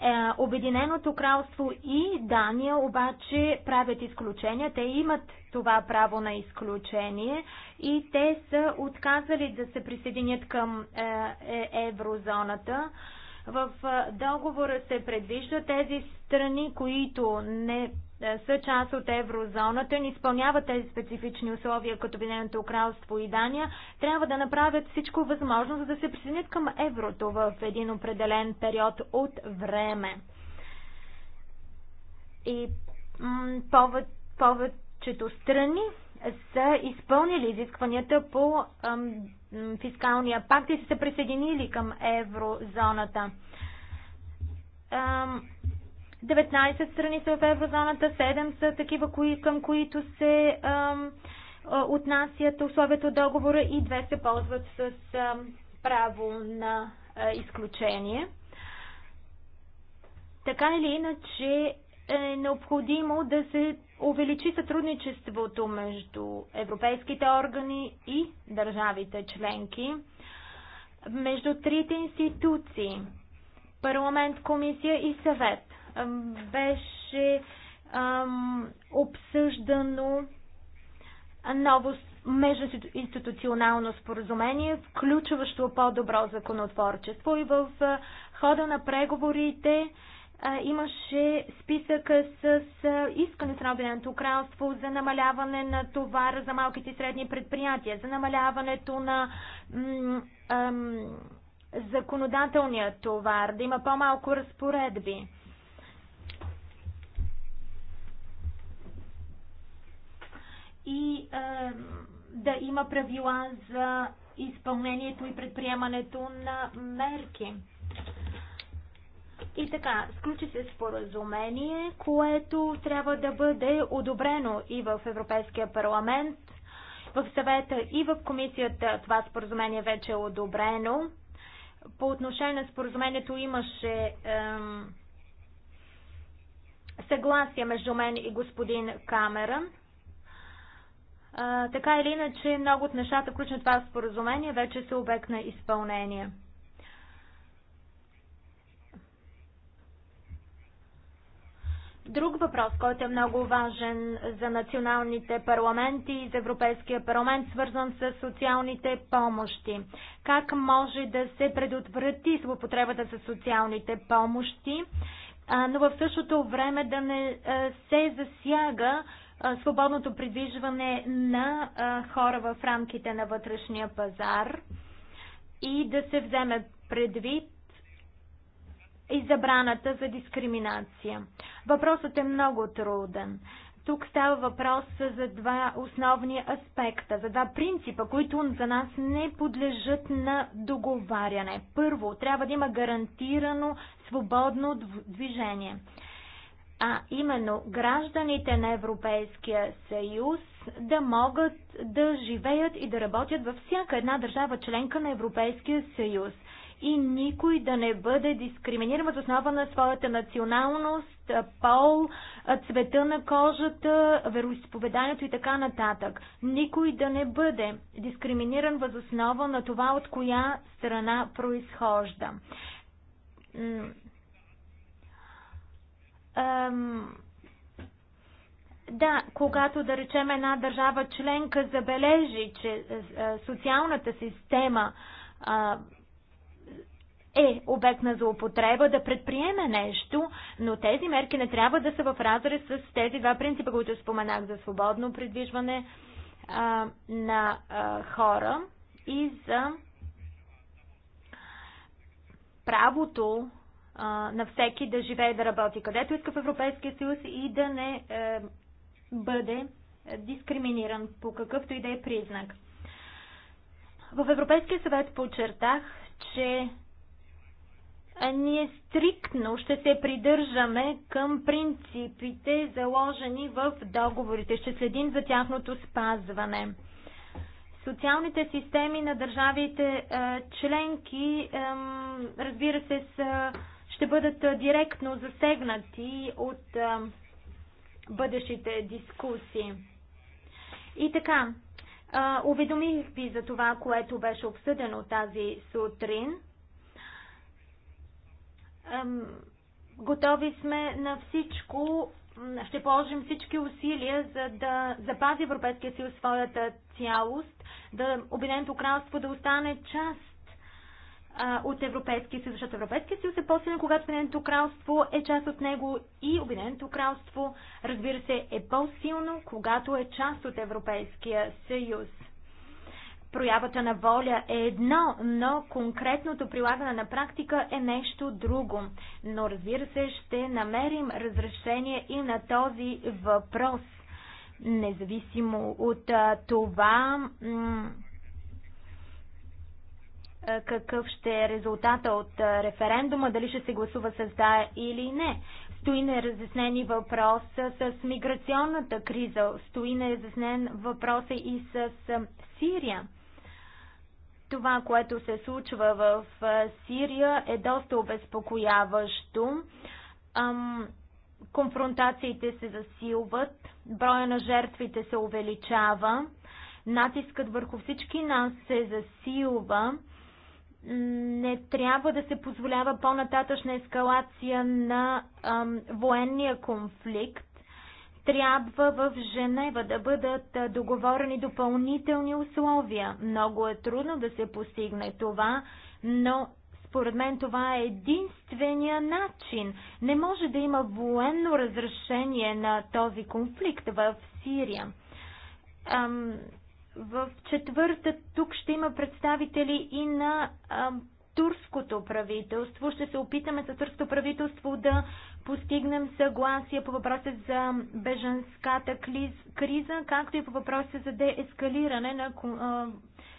B: Е, Обединеното кралство и Дания обаче правят изключения. Те имат това право на изключение и те са отказали да се присъединят към е, е, еврозоната. В договора се предвижда тези страни, които не е, са част от еврозоната, не изпълняват тези специфични условия като Виненото кралство и Дания, трябва да направят всичко възможно, за да се присъединят към еврото в един определен период от време. И повечето страни са изпълнили изискванията по ам, фискалния пакт и са се присъединили към еврозоната. 19 страни са в еврозоната, 7 са такива, кои, към които се а, отнасят условията от договора и 2 се ползват с а, право на а, изключение. Така или иначе е необходимо да се увеличи сътрудничеството между европейските органи и държавите членки, между трите институции парламент, комисия и съвет беше обсъждано ново междуинституционално споразумение, включващо по-добро законотворчество и в хода на преговорите имаше списък с искане на Обединеното кралство за намаляване на товара за малките и средни предприятия, за намаляването на законодателния товар, да има по-малко разпоредби. и е, да има правила за изпълнението и предприемането на мерки. И така, сключи се споразумение, което трябва да бъде одобрено и в Европейския парламент, в съвета и в комисията. Това споразумение вече е одобрено. По отношение на споразумението имаше ем, съгласие между мен и господин Камерън. А, така или иначе, много от нещата, включно това споразумение, вече са обект на изпълнение. Друг въпрос, който е много важен за националните парламенти и за Европейския парламент, свързан с социалните помощи. Как може да се предотврати злопотребата с социалните помощи, но в същото време да не се засяга свободното придвижване на хора в рамките на вътрешния пазар и да се вземе предвид и забраната за дискриминация. Въпросът е много труден. Тук става въпрос за два основни аспекта, за два принципа, които за нас не подлежат на договаряне. Първо, трябва да има гарантирано свободно движение а именно гражданите на Европейския съюз да могат да живеят и да работят във всяка една държава членка на Европейския съюз и никой да не бъде дискриминиран въз основа на своята националност, пол, цвета на кожата, вероисповеданието и така нататък. Никой да не бъде дискриминиран въз основа на това, от коя страна произхожда. Ам... Да, когато да речем една държава членка забележи, че е, е, социалната система а, е обект на злоупотреба, да предприеме нещо, но тези мерки не трябва да са в разрез с тези два принципа, които споменах за свободно придвижване а, на а, хора и за правото а, на всеки да живее и да работи където иска в Европейския съюз и да не е, бъде е, дискриминиран по какъвто и да е признак. В Европейския съвет подчертах, че е, ние стриктно ще се придържаме към принципите, заложени в договорите. Ще следим за тяхното спазване. Социалните системи на държавите е, членки, разбира се, са ще бъдат директно засегнати от бъдещите дискусии. И така, уведомих ви за това, което беше обсъдено тази сутрин. Готови сме на всичко, ще положим всички усилия, за да запази Европейския съюз своята цялост, да Обединеното кралство да остане част от Европейския съюз, защото Европейския съюз е по-силен, когато Обединеното кралство е част от него и Обединеното кралство, разбира се, е по-силно, когато е част от Европейския съюз. Проявата на воля е едно, но конкретното прилагане на практика е нещо друго. Но разбира се, ще намерим разрешение и на този въпрос. Независимо от това, какъв ще е резултата от референдума, дали ще се гласува с да или не. Стои неразяснени въпрос с миграционната криза, стои неразяснен въпрос е и с Сирия. Това, което се случва в Сирия е доста обезпокояващо. Конфронтациите се засилват, броя на жертвите се увеличава, натискът върху всички нас се засилва не трябва да се позволява по-нататъчна ескалация на ам, военния конфликт. Трябва в Женева да бъдат договорени допълнителни условия. Много е трудно да се постигне това, но според мен това е единствения начин. Не може да има военно разрешение на този конфликт в Сирия. Ам, в четвърта тук ще има представители и на а, турското правителство. Ще се опитаме с турското правителство да постигнем съгласие по въпроса за беженската криза, както и по въпроса за деескалиране на а,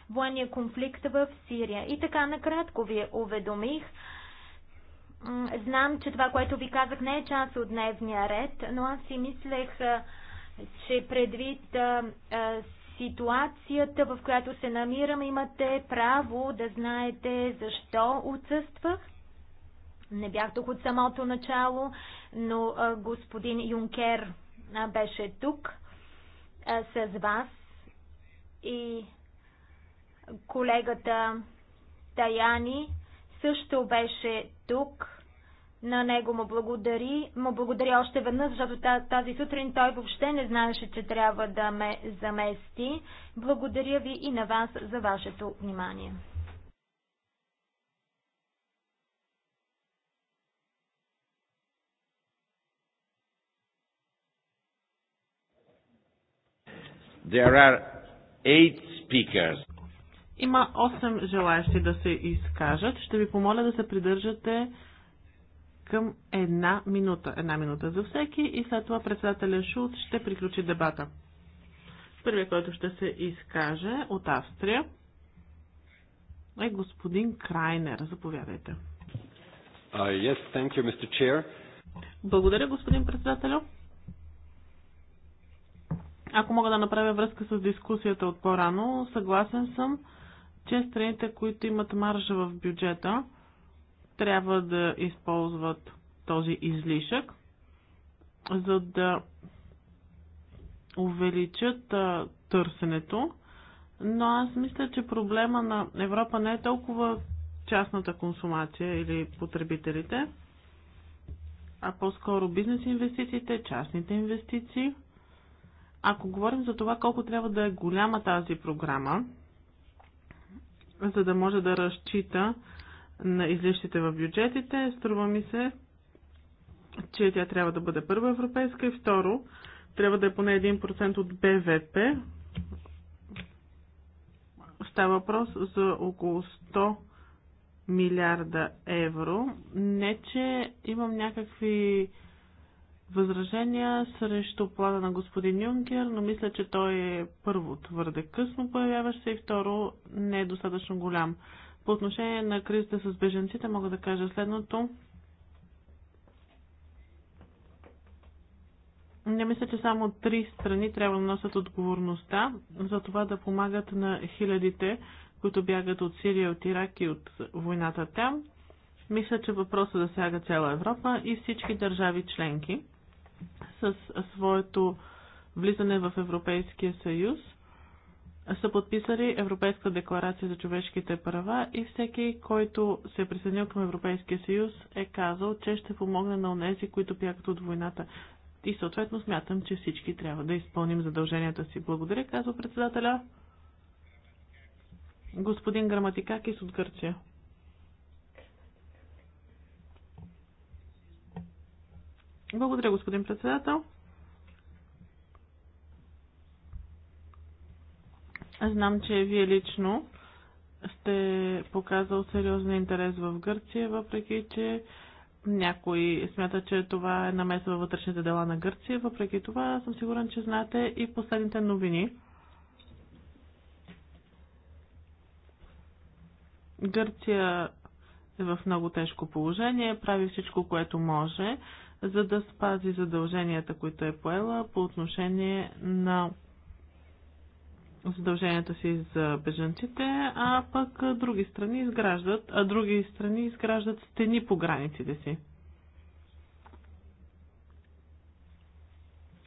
B: военния конфликт в Сирия. И така накратко ви уведомих. Знам, че това, което ви казах, не е част от дневния ред, но аз си мислех, че предвид ситуацията, в която се намирам, имате право да знаете защо отсъствах. Не бях тук от самото начало, но господин Юнкер беше тук с вас и колегата Таяни също беше тук на него му благодари. Му благодари още веднъж, защото тази сутрин той въобще не знаеше, че трябва да ме замести. Благодаря ви и на вас за вашето внимание.
A: There are eight speakers.
C: Има 8 желаящи да се изкажат. Ще ви помоля да се придържате към една минута. Една минута за всеки и след това председателя Шулт ще приключи дебата. Първият, който ще се изкаже от Австрия е господин Крайнер. Заповядайте.
A: Uh, yes, thank you, Mr. Chair.
C: Благодаря, господин председателю. Ако мога да направя връзка с дискусията от по-рано, съгласен съм, че страните, които имат маржа в бюджета, трябва да използват този излишък, за да увеличат а, търсенето. Но аз мисля, че проблема на Европа не е толкова частната консумация или потребителите, а по-скоро бизнес инвестициите, частните инвестиции. Ако говорим за това колко трябва да е голяма тази програма, за да може да разчита на излишните в бюджетите, струва ми се, че тя трябва да бъде първа европейска и второ, трябва да е поне 1% от БВП. Става въпрос за около 100 милиарда евро. Не, че имам някакви възражения срещу плана на господин Юнкер, но мисля, че той е първо твърде късно появяващ се и второ не е достатъчно голям. По отношение на кризата с беженците мога да кажа следното. Не мисля, че само три страни трябва да носят отговорността за това да помагат на хилядите, които бягат от Сирия, от Ирак и от войната там. Мисля, че въпросът засяга цяла Европа и всички държави членки с своето влизане в Европейския съюз – са подписали Европейска декларация за човешките права и всеки, който се е присъединил към Европейския съюз, е казал, че ще помогне на онези, които бягат от войната. И съответно смятам, че всички трябва да изпълним задълженията си. Благодаря, казва председателя. Господин Граматикакис от Гърция. Благодаря, господин председател. Знам, че вие лично сте показал сериозен интерес в Гърция, въпреки че някои смята, че това е намеса във вътрешните дела на Гърция. Въпреки това съм сигурен, че знаете и последните новини. Гърция е в много тежко положение, прави всичко, което може, за да спази задълженията, които е поела по отношение на задълженията си за бежанците, а пък други страни изграждат, а други страни изграждат стени по границите си.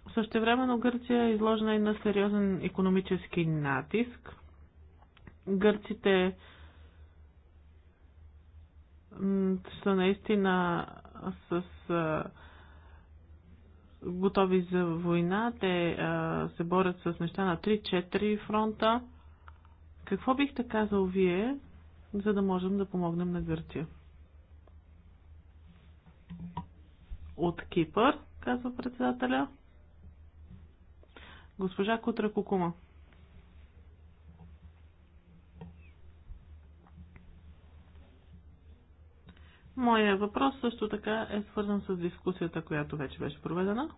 C: Също Същевременно Гърция е изложена и на сериозен економически натиск. Гърците са наистина с готови за война, те а, се борят с неща на 3-4 фронта. Какво бихте казал вие, за да можем да помогнем на Гърция? От Кипър, казва председателя. Госпожа Кутра Кукума. Моя въпрос също така е свързан с дискусията, която вече беше проведена.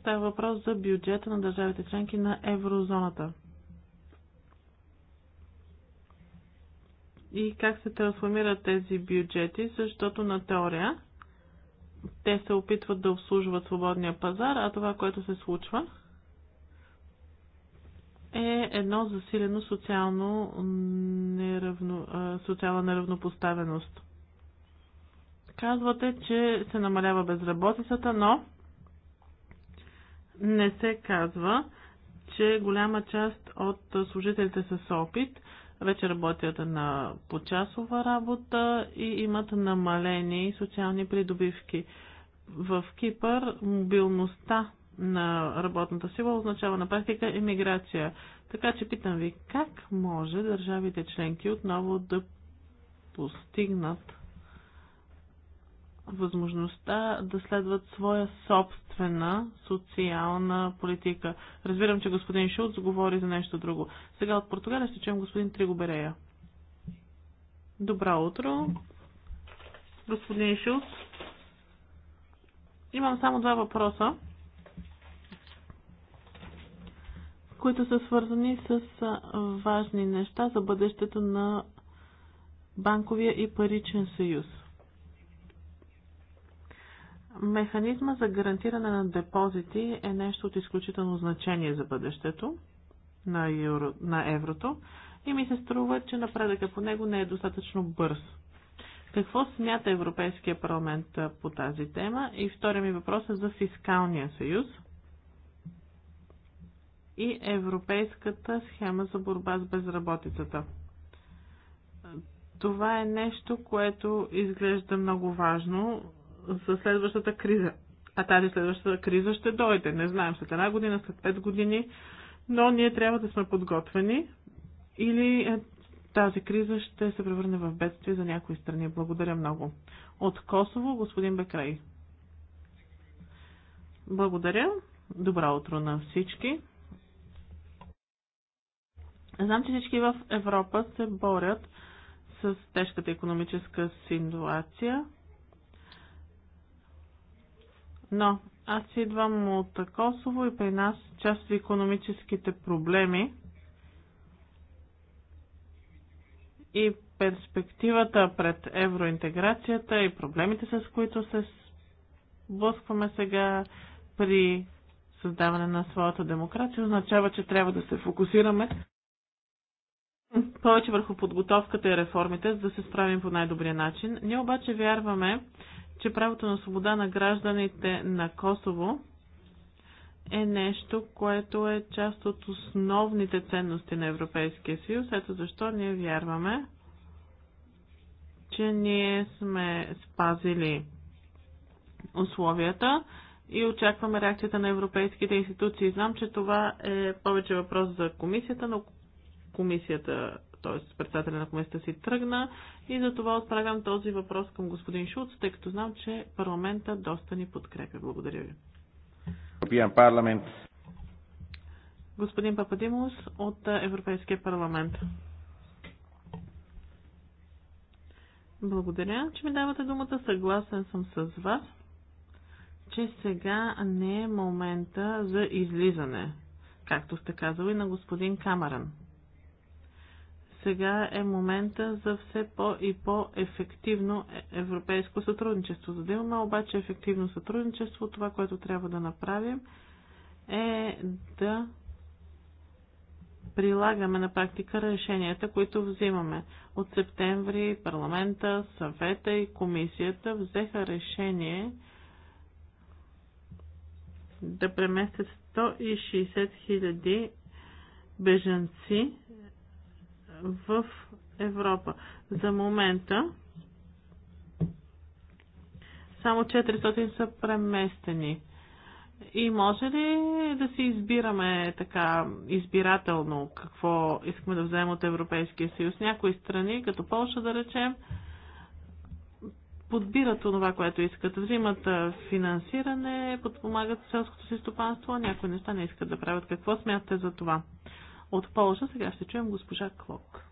C: Става въпрос за бюджета на държавите членки на еврозоната. И как се трансформират тези бюджети, защото на теория те се опитват да обслужват свободния пазар, а това, което се случва, е едно засилено социално неравно, социална неравнопоставеност. Казвате, че се намалява безработицата, но не се казва, че голяма част от служителите с опит вече работят на почасова работа и имат намалени социални придобивки. В Кипър мобилността на работната сила означава на практика емиграция. Така че питам ви, как може държавите членки отново да постигнат възможността да следват своя собствена социална политика. Разбирам, че господин Шулц говори за нещо друго. Сега от Португалия ще чуем господин Тригоберея. Добро утро, господин Шулц. Имам само два въпроса. които са свързани с важни неща за бъдещето на банковия и паричен съюз. Механизма за гарантиране на депозити е нещо от изключително значение за бъдещето на, евро, на еврото и ми се струва, че напредъка по него не е достатъчно бърз. Какво смята Европейския парламент по тази тема? И втория ми въпрос е за фискалния съюз – и Европейската схема за борба с безработицата. Това е нещо, което изглежда много важно за следващата криза. А тази следващата криза ще дойде. Не знаем след една година, след пет години, но ние трябва да сме подготвени или е, тази криза ще се превърне в бедствие за някои страни. Благодаря много. От Косово, господин Бекрай. Благодаря. Добро утро на всички. Знам, че всички в Европа се борят с тежката економическа ситуация, но аз идвам от Косово и при нас част от економическите проблеми и перспективата пред евроинтеграцията и проблемите, с които се сблъскваме сега при създаване на своята демокрация, означава, че трябва да се фокусираме повече върху подготовката и реформите, за да се справим по най-добрия начин. Ние обаче вярваме, че правото на свобода на гражданите на Косово е нещо, което е част от основните ценности на Европейския съюз. Ето защо ние вярваме, че ние сме спазили условията и очакваме реакцията на европейските институции. Знам, че това е повече въпрос за комисията, но комисията, т.е. председателя на комисията си тръгна и за това отправям този въпрос към господин Шуц, тъй като знам, че парламента доста ни подкрепя. Благодаря ви. Господин Пападимус от Европейския парламент. Благодаря, че ми давате думата. Съгласен съм с вас, че сега не е момента за излизане, както сте казали на господин Камаран сега е момента за все по- и по-ефективно е- европейско сътрудничество. За да имаме обаче ефективно сътрудничество, това, което трябва да направим, е да прилагаме на практика решенията, които взимаме. От септември парламента, съвета и комисията взеха решение да преместят 160 000 беженци в Европа. За момента само 400 са преместени. И може ли да си избираме така избирателно какво искаме да вземем от Европейския съюз? Някои страни, като Польша да речем, подбират това, което искат. Взимат финансиране, подпомагат селското си стопанство, а някои неща не искат да правят. Какво смятате за това? от Полза, Сега ще чуем госпожа Клок.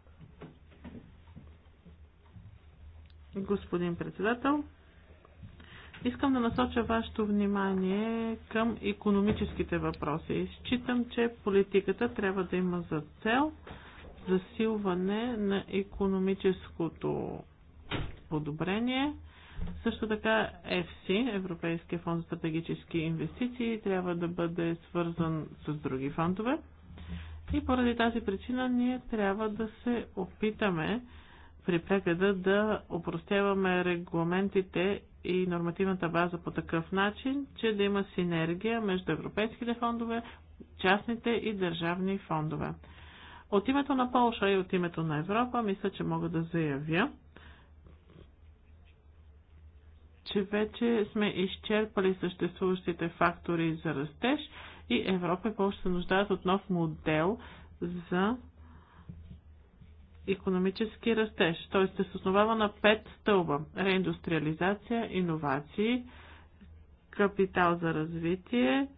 C: Господин председател, искам да насоча вашето внимание към економическите въпроси. Считам, че политиката трябва да има за цел засилване на економическото подобрение. Също така EFSI, Европейския фонд за стратегически инвестиции, трябва да бъде свързан с други фондове. И поради тази причина ние трябва да се опитаме при прегледа да опростяваме регламентите и нормативната база по такъв начин, че да има синергия между европейските фондове, частните и държавни фондове. От името на Полша и от името на Европа мисля, че мога да заявя, че вече сме изчерпали съществуващите фактори за растеж и Европа и Польша се нуждаят от нов модел за економически растеж. Той се основава на пет стълба. Реиндустриализация, иновации, капитал за развитие,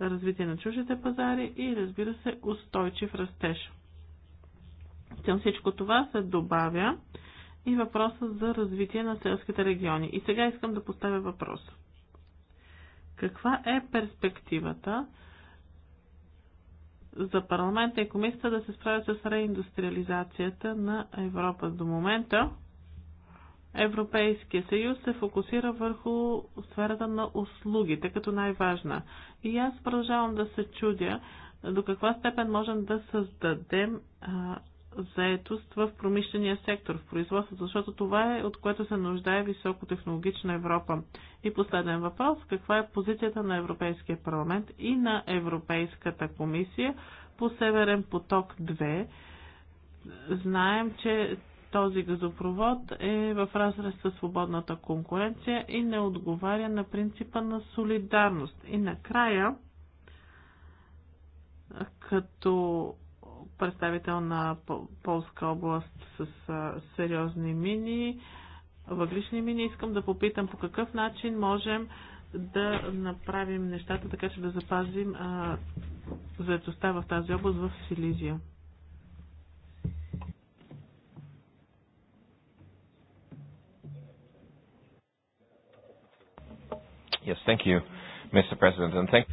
C: развитие на чуждите пазари и разбира се устойчив растеж. Към всичко това се добавя и въпроса за развитие на селските региони. И сега искам да поставя въпроса. Каква е перспективата за парламента и комисията да се справят с реиндустриализацията на Европа? До момента Европейския съюз се фокусира върху сферата на услугите като най-важна. И аз продължавам да се чудя до каква степен можем да създадем а, заетост в промишления сектор, в производството, защото това е от което се нуждае високотехнологична Европа. И последен въпрос, каква е позицията на Европейския парламент и на Европейската комисия по Северен поток 2? Знаем, че този газопровод е в разрез със свободната конкуренция и не отговаря на принципа на солидарност. И накрая, като представител на Полска област с сериозни мини, въглишни мини. Искам да попитам по какъв начин можем да направим нещата така, че да запазим заедостта в тази област в Силизия. Yes, thank you, Mr. President, and thank...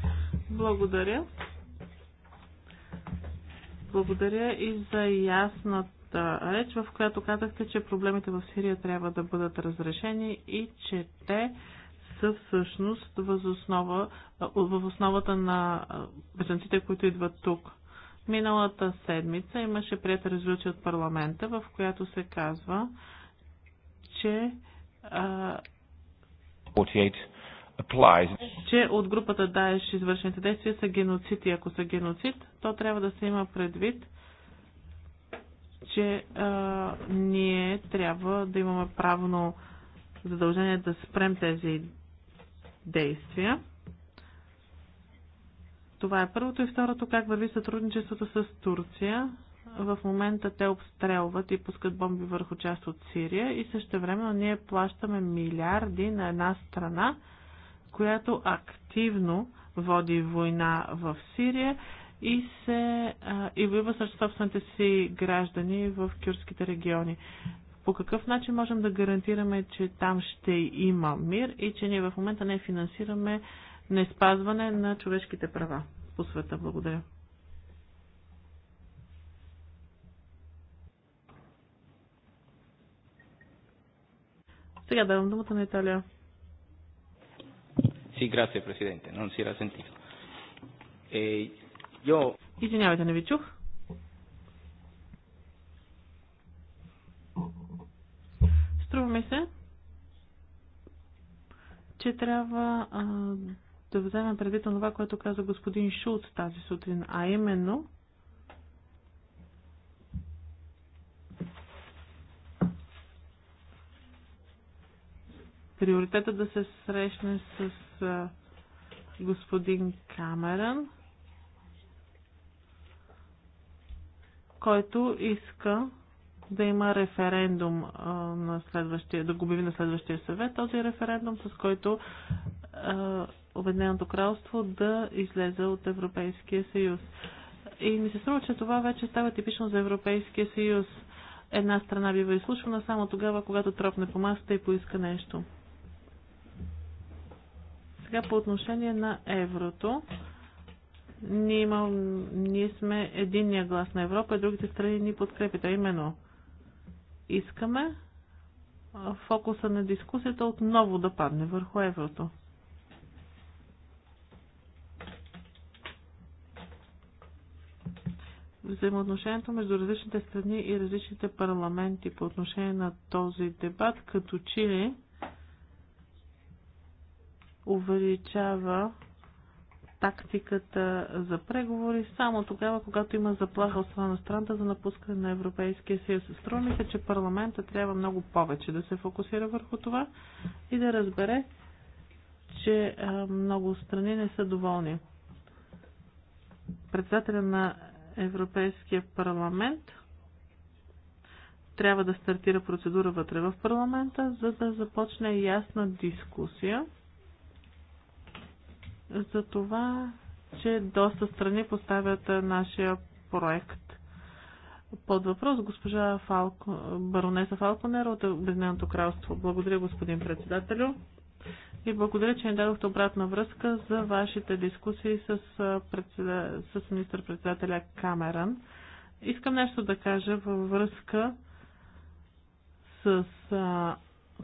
C: Благодаря благодаря и за ясната реч, в която казахте, че проблемите в Сирия трябва да бъдат разрешени и че те са всъщност възоснова, в основата на беженците, които идват тук. Миналата седмица имаше прият резолюция от парламента, в която се казва, че а, applies. Че от групата Даеш извършените действия са геноцид и ако са геноцид, то трябва да се има предвид, че а, ние трябва да имаме правно задължение да спрем тези действия. Това е първото и второто как върви сътрудничеството с Турция. В момента те обстрелват и пускат бомби върху част от Сирия и също време ние плащаме милиарди на една страна, която активно води война в Сирия и се и воюва срещу собствените си граждани в кюрските региони. По какъв начин можем да гарантираме, че там ще има мир и че ние в момента не финансираме на спазване на човешките права по света? Благодаря. Сега давам думата на Италия.
B: Sí, gracias, Presidente, No si era sentido. Eh,
C: yo. Извинявайте, не ви чух. Струва ми се, че трябва а, да вземем предвид на това, което каза господин Шулц тази сутрин, а именно приоритета да се срещне с господин Камерън, който иска да има референдум на следващия, да губи на следващия съвет, този референдум, с който Обединеното кралство да излезе от Европейския съюз. И ми се струва, че това вече става типично за Европейския съюз. Една страна бива изслушвана само тогава, когато тропне по масата и поиска нещо. Сега по отношение на еврото. Ние, имам, ние сме единния глас на Европа, и другите страни ни подкрепят. А именно, искаме фокуса на дискусията отново да падне върху еврото. взаимоотношението между различните страни и различните парламенти по отношение на този дебат, като че увеличава тактиката за преговори само тогава, когато има заплаха от страна на страната за напускане на Европейския съюз. Струва ми се, че парламента трябва много повече да се фокусира върху това и да разбере, че много страни не са доволни. Председателя на Европейския парламент трябва да стартира процедура вътре в парламента, за да започне ясна дискусия за това, че доста страни поставят нашия проект под въпрос госпожа Фалко, баронеса Фалконер от Обединеното кралство. Благодаря, господин председателю. И благодаря, че ни дадохте обратна връзка за вашите дискусии с, председа... с министър-председателя Камеран. Искам нещо да кажа във връзка с а,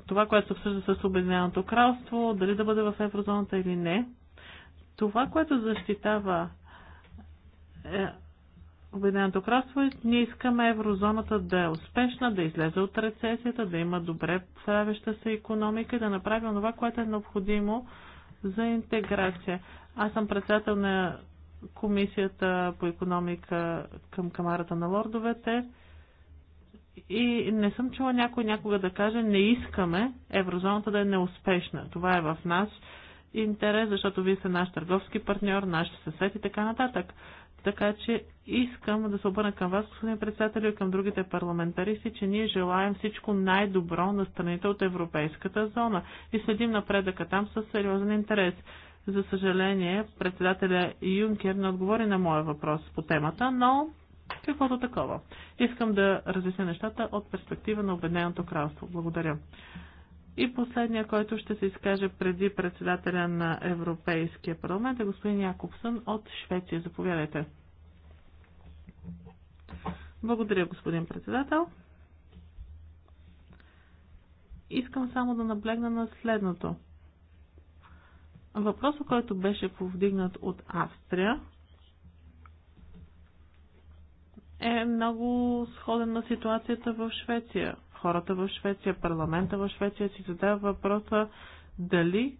C: това, което се обсъжда с Обединеното кралство, дали да бъде в еврозоната или не. Това, което защитава е, Обединеното кралство е, ние искаме еврозоната да е успешна, да излезе от рецесията, да има добре правеща се економика, и да направи това, което е необходимо за интеграция. Аз съм председател на Комисията по економика към Камарата на лордовете и не съм чула някой някога да каже не искаме еврозоната да е неуспешна. Това е в нас интерес, защото вие сте наш търговски партньор, наш съсед и така нататък. Така че искам да се обърна към вас, господин председател, и към другите парламентаристи, че ние желаем всичко най-добро на страните от Европейската зона и следим напредъка там с сериозен интерес. За съжаление, председателя Юнкер не отговори на моя въпрос по темата, но каквото такова. Искам да разясня нещата от перспектива на Обединеното кралство. Благодаря. И последния, който ще се изкаже преди председателя на Европейския парламент е господин Якобсън от Швеция. Заповядайте. Благодаря, господин председател. Искам само да наблегна на следното. Въпросът, който беше повдигнат от Австрия, е много сходен на ситуацията в Швеция хората в Швеция, парламента в Швеция си задава въпроса дали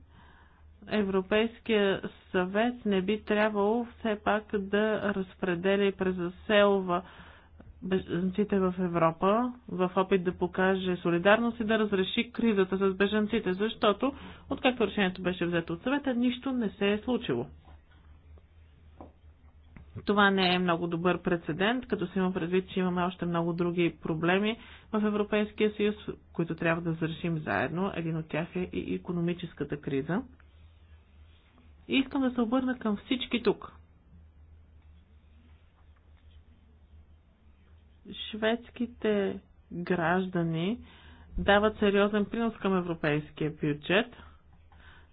C: Европейския съвет не би трябвало все пак да разпределя и презаселва беженците в Европа в опит да покаже солидарност и да разреши кризата с беженците, защото откакто решението беше взето от съвета, нищо не се е случило. Това не е много добър прецедент, като се има предвид, че имаме още много други проблеми в Европейския съюз, които трябва да зарешим заедно. Един от тях е и економическата криза. И искам да се обърна към всички тук. Шведските граждани дават сериозен принос към европейския бюджет –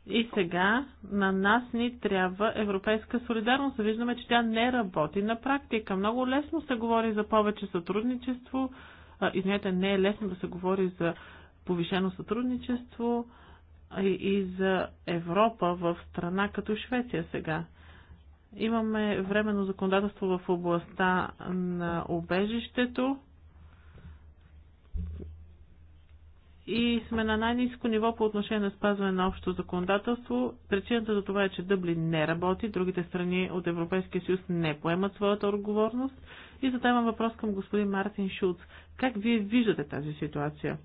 C: и сега на нас ни трябва европейска солидарност. Виждаме, че тя не работи на практика. Много лесно се говори за повече сътрудничество. Извинете, не е лесно да се говори за повишено сътрудничество и за Европа в страна като Швеция сега. Имаме временно законодателство в областта на обежището. и сме на най-низко ниво по отношение на спазване на общото законодателство. Причината за това е, че Дъблин не работи, другите страни от Европейския съюз не поемат своята отговорност. И затова имам въпрос към господин Мартин Шулц. Как вие виждате тази ситуация?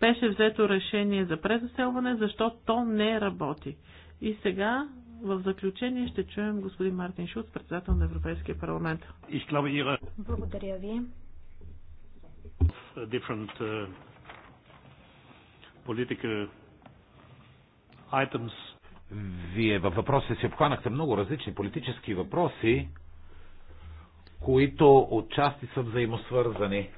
C: Беше взето решение за презаселване, защо то не работи. И сега в заключение ще чуем господин Мартин Шулц, председател на Европейския парламент. Благодаря ви.
A: Uh, different uh, political items. Вие във въпроса си обхванахте много различни политически въпроси, които отчасти са взаимосвързани.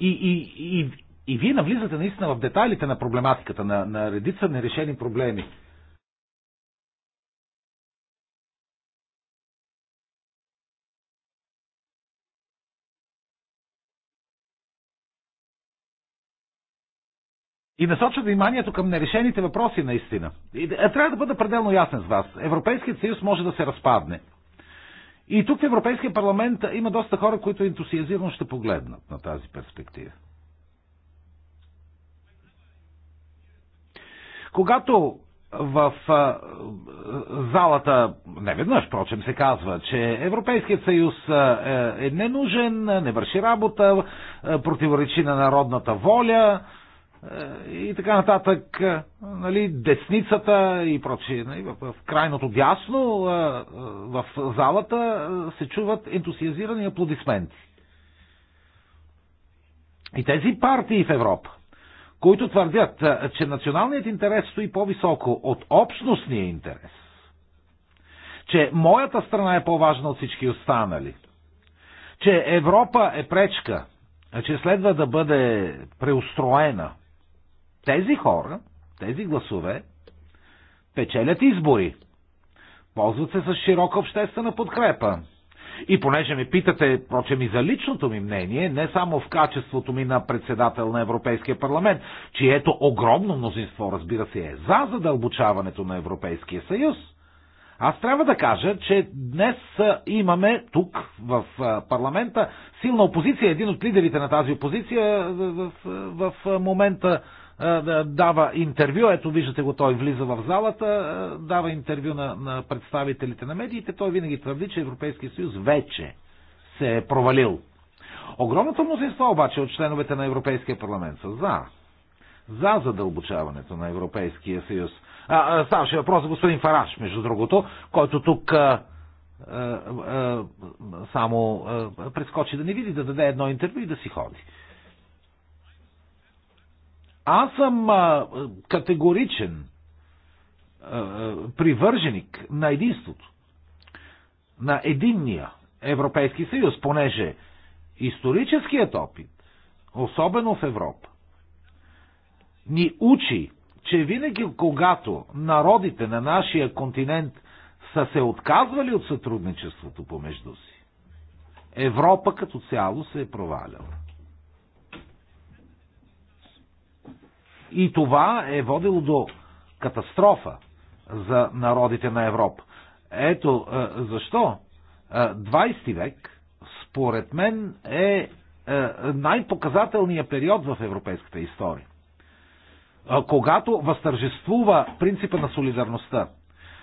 A: И, и, и, и вие навлизате наистина в детайлите на проблематиката, на, на редица нерешени проблеми. и насочат вниманието към нерешените въпроси наистина. И, е, трябва да бъда пределно ясен с вас. Европейският съюз може да се разпадне. И тук в Европейския парламент има доста хора, които ентусиазирано ще погледнат на тази перспектива. Когато в а, е, залата не веднъж, впрочем, се казва, че Европейският съюз а, е, е ненужен, не върши работа, а, противоречи на народната воля, е, и така нататък, е, нали, десницата и прочие. Нали, в крайното дясно е, в залата се чуват ентусиазирани аплодисменти. И тези партии в Европа, които твърдят, че националният интерес стои по-високо от общностния интерес, че моята страна е по-важна от всички останали, че Европа е пречка, че следва да бъде преустроена – тези хора, тези гласове, печелят избори. Ползват се с широка обществена подкрепа. И понеже ми питате, прочем и за личното ми мнение, не само в качеството ми на председател на Европейския парламент, чието огромно мнозинство, разбира се, е за задълбочаването на Европейския съюз, аз трябва да кажа, че днес имаме тук в парламента силна опозиция. Един от лидерите на тази опозиция в, в, в момента е, е, дава интервю, ето виждате го, той влиза в залата, е, дава интервю на, на представителите на медиите, той винаги твърди, че Европейския съюз вече се е провалил. Огромното мнозинство обаче от членовете на Европейския парламент са за. За задълбочаването на Европейския съюз. А, а, ставаше въпрос за господин Фараш, между другото, който тук а, а, а, само а, прескочи да не види, да даде едно интервю и да си ходи. Аз съм а, категоричен а, привърженик на единството, на единния Европейски съюз, понеже историческият опит, особено в Европа, ни учи, че винаги когато народите на нашия континент са се отказвали от сътрудничеството помежду си, Европа като цяло се е проваляла. И това е водило до катастрофа за народите на Европа. Ето е, защо 20 е, век, според мен, е, е най-показателният период в европейската история. Когато възтържествува принципа на солидарността,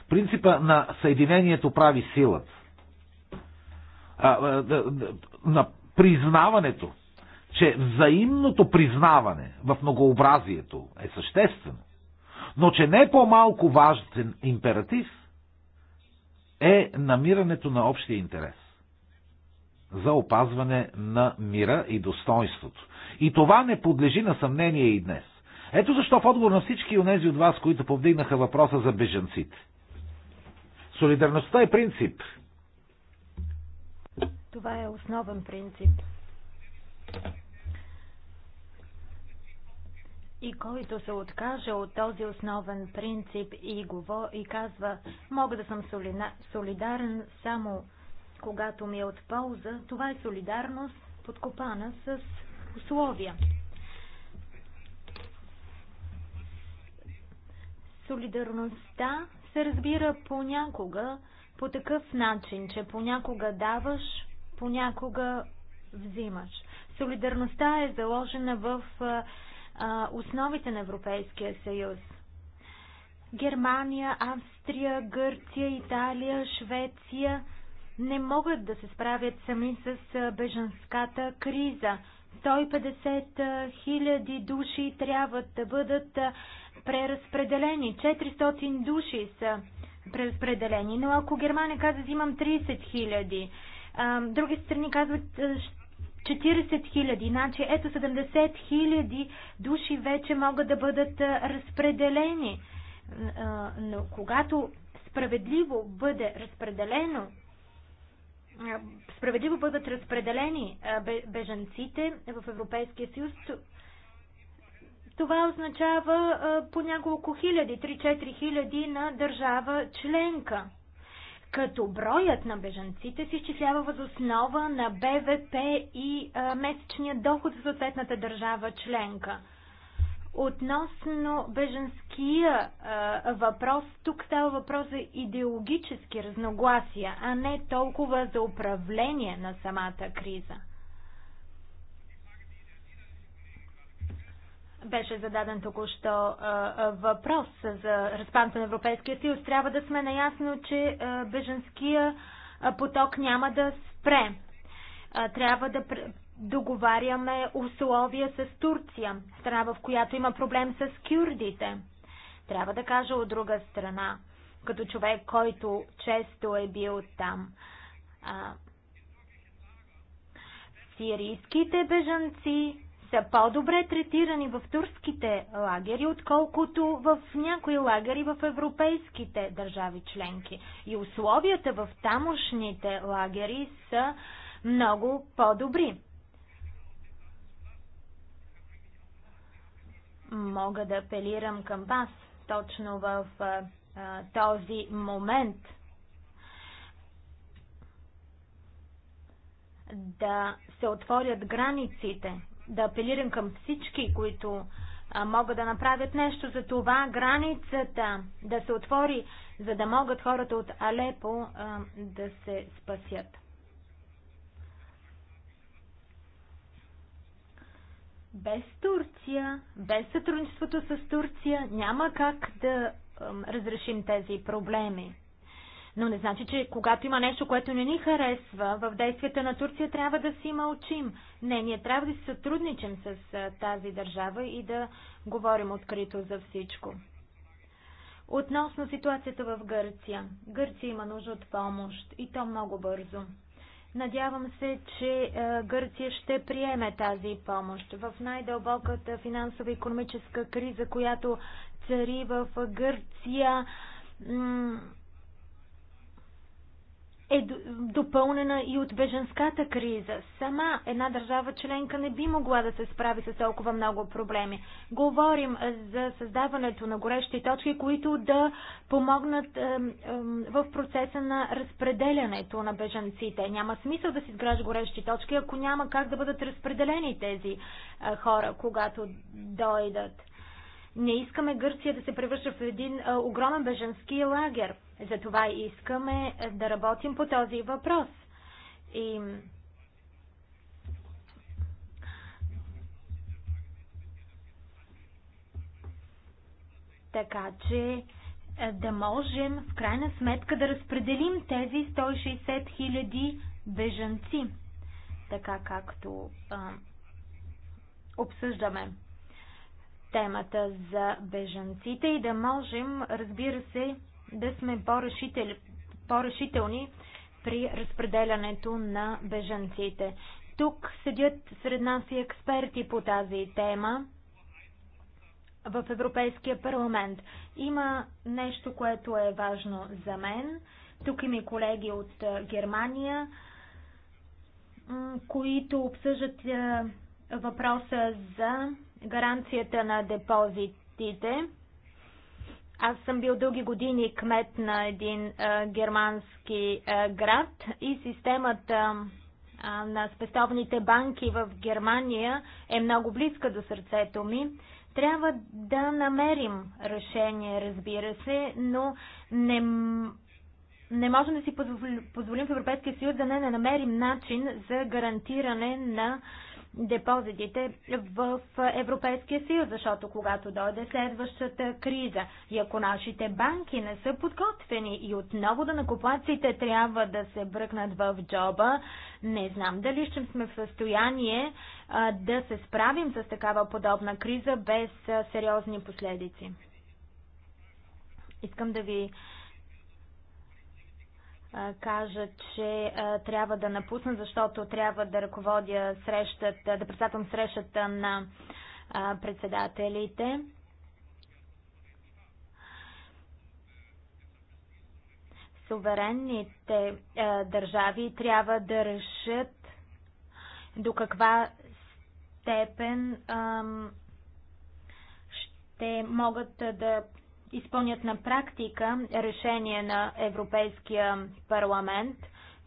A: принципа на съединението прави силата, на признаването че взаимното признаване в многообразието е съществено, но че не по-малко важен императив е намирането на общия интерес за опазване на мира и достоинството. И това не подлежи на съмнение и днес. Ето защо в отговор на всички тези от вас, които повдигнаха въпроса за бежанците. Солидарността е принцип.
B: Това е основен принцип. И който се откаже от този основен принцип и, го, и казва, мога да съм солидарен само когато ми е от полза, това е солидарност, подкопана с условия. Солидарността се разбира понякога по такъв начин, че понякога даваш, понякога взимаш. Солидарността е заложена в а, основите на Европейския съюз. Германия, Австрия, Гърция, Италия, Швеция не могат да се справят сами с бежанската криза. 150 хиляди души трябва да бъдат преразпределени. 400 души са преразпределени. Но ако Германия казва, взимам 30 хиляди, други страни казват, 40 хиляди, значи ето 70 хиляди души вече могат да бъдат разпределени. Но когато справедливо бъде разпределено, справедливо бъдат разпределени бежанците в Европейския съюз, това означава по няколко хиляди, 3-4 хиляди на държава членка като броят на бежанците се изчислява въз основа на БВП и а, месечния доход за съответната държава членка. Относно беженския а, въпрос, тук става въпрос за идеологически разногласия, а не толкова за управление на самата криза. Беше зададен току-що въпрос за разпадането на Европейския съюз. Трябва да сме наясно, че беженския поток няма да спре. трябва да договаряме условия с Турция, страна в която има проблем с кюрдите. Трябва да кажа от друга страна, като човек, който често е бил там. сирийските беженци са по-добре третирани в турските лагери, отколкото в някои лагери в европейските държави членки. И условията в тамошните лагери са много по-добри. Мога да апелирам към вас точно в а, този момент да се отворят границите да апелирам към всички, които а, могат да направят нещо за това, границата да се отвори, за да могат хората от Алепо а, да се спасят. Без Турция, без сътрудничеството с Турция няма как да а, разрешим тези проблеми. Но не значи, че когато има нещо, което не ни харесва в действията на Турция, трябва да си мълчим. Не, ние трябва да си сътрудничим с тази държава и да говорим открито за всичко. Относно ситуацията в Гърция. Гърция има нужда от помощ и то много бързо. Надявам се, че Гърция ще приеме тази помощ. В най-дълбоката финансова и економическа криза, която цари в Гърция, е допълнена и от беженската криза. Сама една държава членка не би могла да се справи с толкова много проблеми. Говорим за създаването на горещи точки, които да помогнат е, е, в процеса на разпределянето на беженците. Няма смисъл да си изгражда горещи точки, ако няма как да бъдат разпределени тези е, хора, когато дойдат. Не искаме Гърция да се превръща в един е, огромен беженски лагер затова искаме да работим по този въпрос. И така че е, да можем в крайна сметка да разпределим тези 160 хиляди бежанци, така както а, обсъждаме темата за бежанците и да можем, разбира се, да сме по-решителни по-решителни при разпределянето на бежанците. Тук седят сред нас и експерти по тази тема в Европейския парламент. Има нещо, което е важно за мен. Тук има и колеги от Германия, които обсъждат въпроса за гаранцията на депозитите. Аз съм бил дълги години кмет на един а, германски а, град и системата а, на спестовните банки в Германия е много близка до сърцето ми. Трябва да намерим решение, разбира се, но не, не можем да си позволим в Европейския съюз да не, не намерим начин за гарантиране на а, депозитите в Европейския съюз, защото когато дойде следващата криза и ако нашите банки не са подготвени и отново да накоплаците трябва да се бръкнат в джоба, не знам дали ще сме в състояние а, да се справим с такава подобна криза без а, сериозни последици. Искам да ви кажа, че трябва да напусна, защото трябва да ръководя срещата, да председателям срещата на председателите. Суверенните държави трябва да решат до каква степен ще могат да изпълнят на практика решение на Европейския парламент.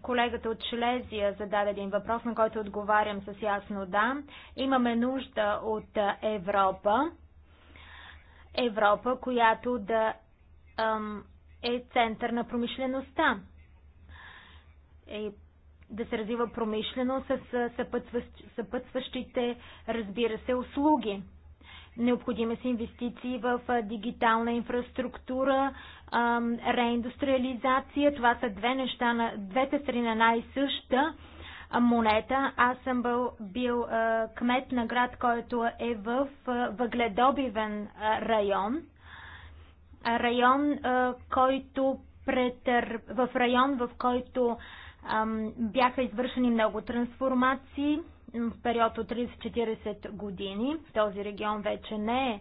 B: Колегата от Шлезия зададе един въпрос, на който отговарям с ясно да. Имаме нужда от Европа. Европа, която да е център на промишлеността. И да се развива промишлено с съпътстващите, разбира се, услуги. Необходими са инвестиции в дигитална инфраструктура, реиндустриализация. Това са две неща, на, двете страни на най-съща монета. Аз съм бил, бил кмет на град, който е в въгледобивен район. район, който претър... в район, в който бяха извършени много трансформации в период от 30-40 години. Този регион вече не е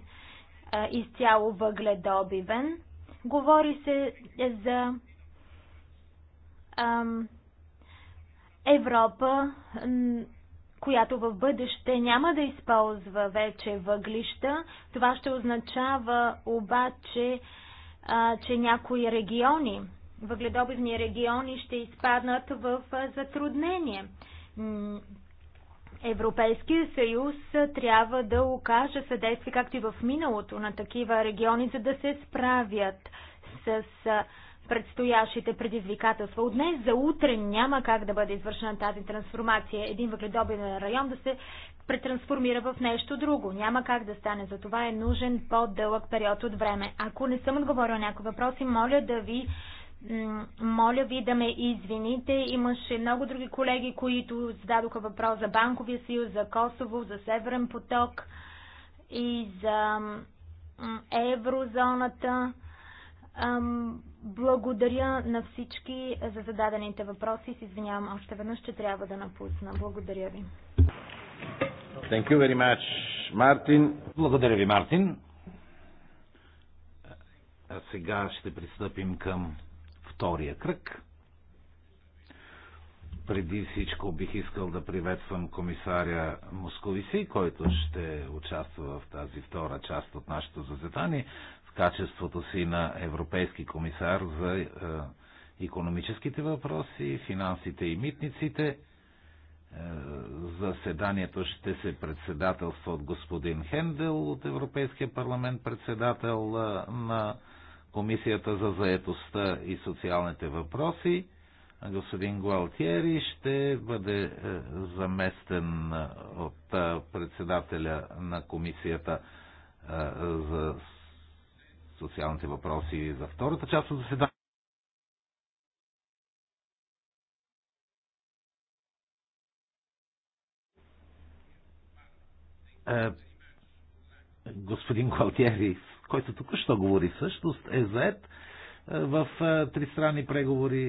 B: изцяло въгледобивен. Говори се за Европа, която в бъдеще няма да използва вече въглища. Това ще означава обаче, че някои региони, въгледобивни региони, ще изпаднат в затруднение. Европейския съюз трябва да окаже съдействие, както и в миналото, на такива региони, за да се справят с предстоящите предизвикателства. От днес за утре няма как да бъде извършена тази трансформация. Един въгледобивен район да се претрансформира в нещо друго. Няма как да стане. За това е нужен по-дълъг период от време. Ако не съм отговорил някои въпроси, моля да ви моля ви да ме извините. Имаше много други колеги, които зададоха въпрос за Банковия съюз, за Косово, за Северен поток и за еврозоната. Благодаря на всички за зададените въпроси. С извинявам още веднъж, че трябва да напусна. Благодаря ви.
A: Thank you very much, Martin. Благодаря ви, Мартин. А сега ще пристъпим към втория кръг. Преди всичко бих искал да приветствам комисаря Московиси, който ще участва в тази втора част от нашето заседание в качеството си на европейски комисар за економическите въпроси, финансите и митниците. Е, заседанието ще се председателства от господин Хендел от Европейския парламент, председател е, на Комисията за заетостта и социалните въпроси. Господин Гуалтиери ще бъде е, заместен е, от е, председателя на Комисията за социалните въпроси за втората част от заседанието. господин Гуалтиери, който тук що говори всъщност, е заед е, в е, тристранни преговори